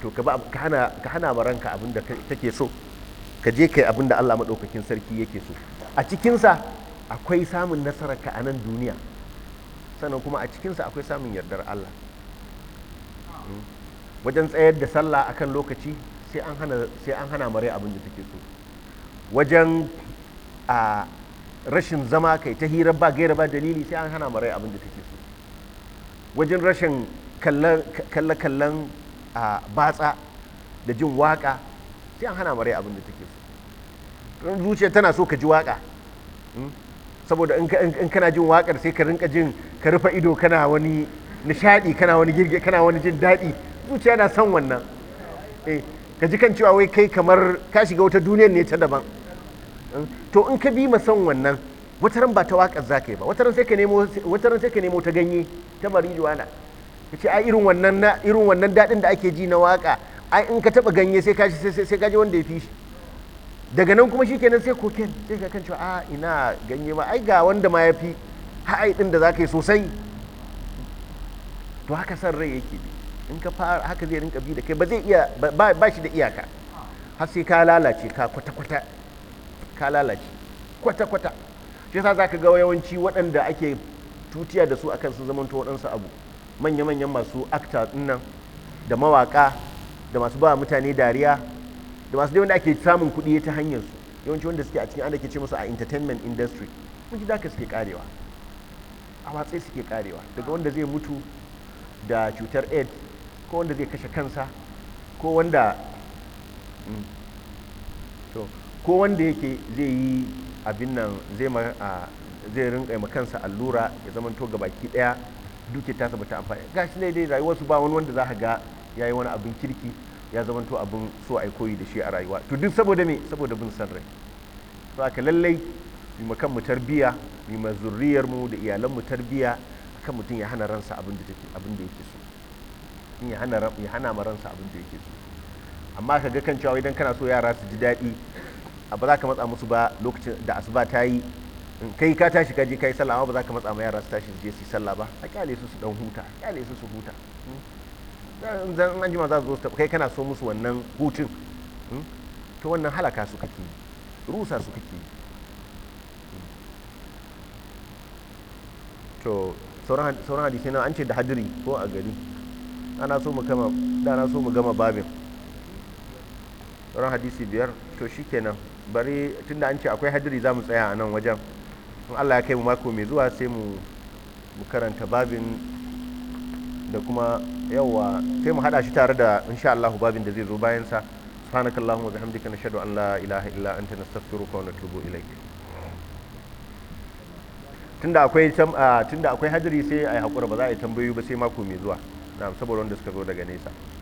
to ka hana ma ranka abin da take so ka je kai abin da Allah maɗaukakin sarki yake so a cikinsa akwai samun nasarar ka a nan duniya sannan kuma a cikinsa akwai samun yardar Allah hmm. wajen tsayar da sallah akan lokaci sai an hana mare abin da take so wajen a rashin zama kai ta hira ba gaira ba dalili sai an hana marai abin da take so wajen rashin kalle-kallen batsa da jin waka sai an hana marai abin da take so zuciya tana so ka ji waka hmm, saboda in kana jin wakar sai ka rinka jin ka rufe ido kana wani nishadi kana wani girge kana wani jin daɗi zuciya na son wannan eh, ka ji kan cewa wai kai kamar ka shiga wata duniyar ne ta daban to in ka bi ma son wannan wata ran ba ta waƙar za ka yi ba wata ran sai ka nemo ta ganye ta marijuana ka ce ai irin wannan irin wannan daɗin da ake ji na waƙa ai in ka taɓa ganye sai ka sai ka ji wanda ya fi shi daga nan kuma shikenan sai koken sai ka kan cewa a ah, ina ganye ma ai ga wanda ma ya fi ha'ai ɗin da za ka yi sosai to haka san rai yake bi in ka fara haka zai rinka bi da kai ba zai iya ba shi da iyaka har sai ka lalace ka kwata-kwata ka lalace kwata-kwata shi yasa za ka ga yawanci waɗanda ake tutiya da su akan sun to waɗansu abu manya-manyan masu akta nan da mawaƙa da masu ba mutane dariya da masu wanda ake samun kuɗi ta hanyar su yawanci wanda suke a cikin ana ke ce musu a entertainment industry mun ji daka suke karewa a watsai suke karewa daga wanda zai mutu da cutar aids ko wanda zai kashe kansa ko wanda mm, to ko wanda yake zai yi abin nan zai ma zai rinka ma kansa allura ya to ga baki daya duke ta saba ta amfani gashi ne dai rayuwar su ba wani wanda za ka ga yayi wani abin kirki ya to abin so ai koyi da shi a rayuwa to duk saboda me saboda bin san rai to aka lallai mu makan mu tarbiya mu ma zurriyar mu da iyalan mu tarbiya kan mutum ya hana ransa abin da take abin da yake so in ya hana ya hana ma ransa abin da yake so amma ka ga kan cewa idan kana so yara su ji daɗi ba za ka matsa musu ba lokacin da asuba ta yi in kai ka tashi ka je kai sallah amma ba za ka matsa ma yara su tashi su je su yi sallah ba a kyale su su dan huta kyale su su huta zan hmm? an jima za su zo kai kana so musu wannan hutun hmm? to wannan halaka su kake rusa su kake to sauran hadisi na an ce da hadiri ko a gari ana so mu gama da ana so mu gama babin sauran hadisi biyar to shikenan bari tunda an ce akwai hadiri za mu tsaya a nan wajen in allah ya kai mu mako mai zuwa sai mu karanta babin da kuma yawa sai mu hada shi tare da insha allahu babin da zai zo bayansa سبحانك اللهم وبحمدك نشهد ان لا اله الا انت نستغفرك ونتوب اليك tunda akwai ah, tunda akwai hadiri sai ai hakura ba za a yi tambayoyi ba sai mako mai zuwa na saboda wanda suka zo daga nesa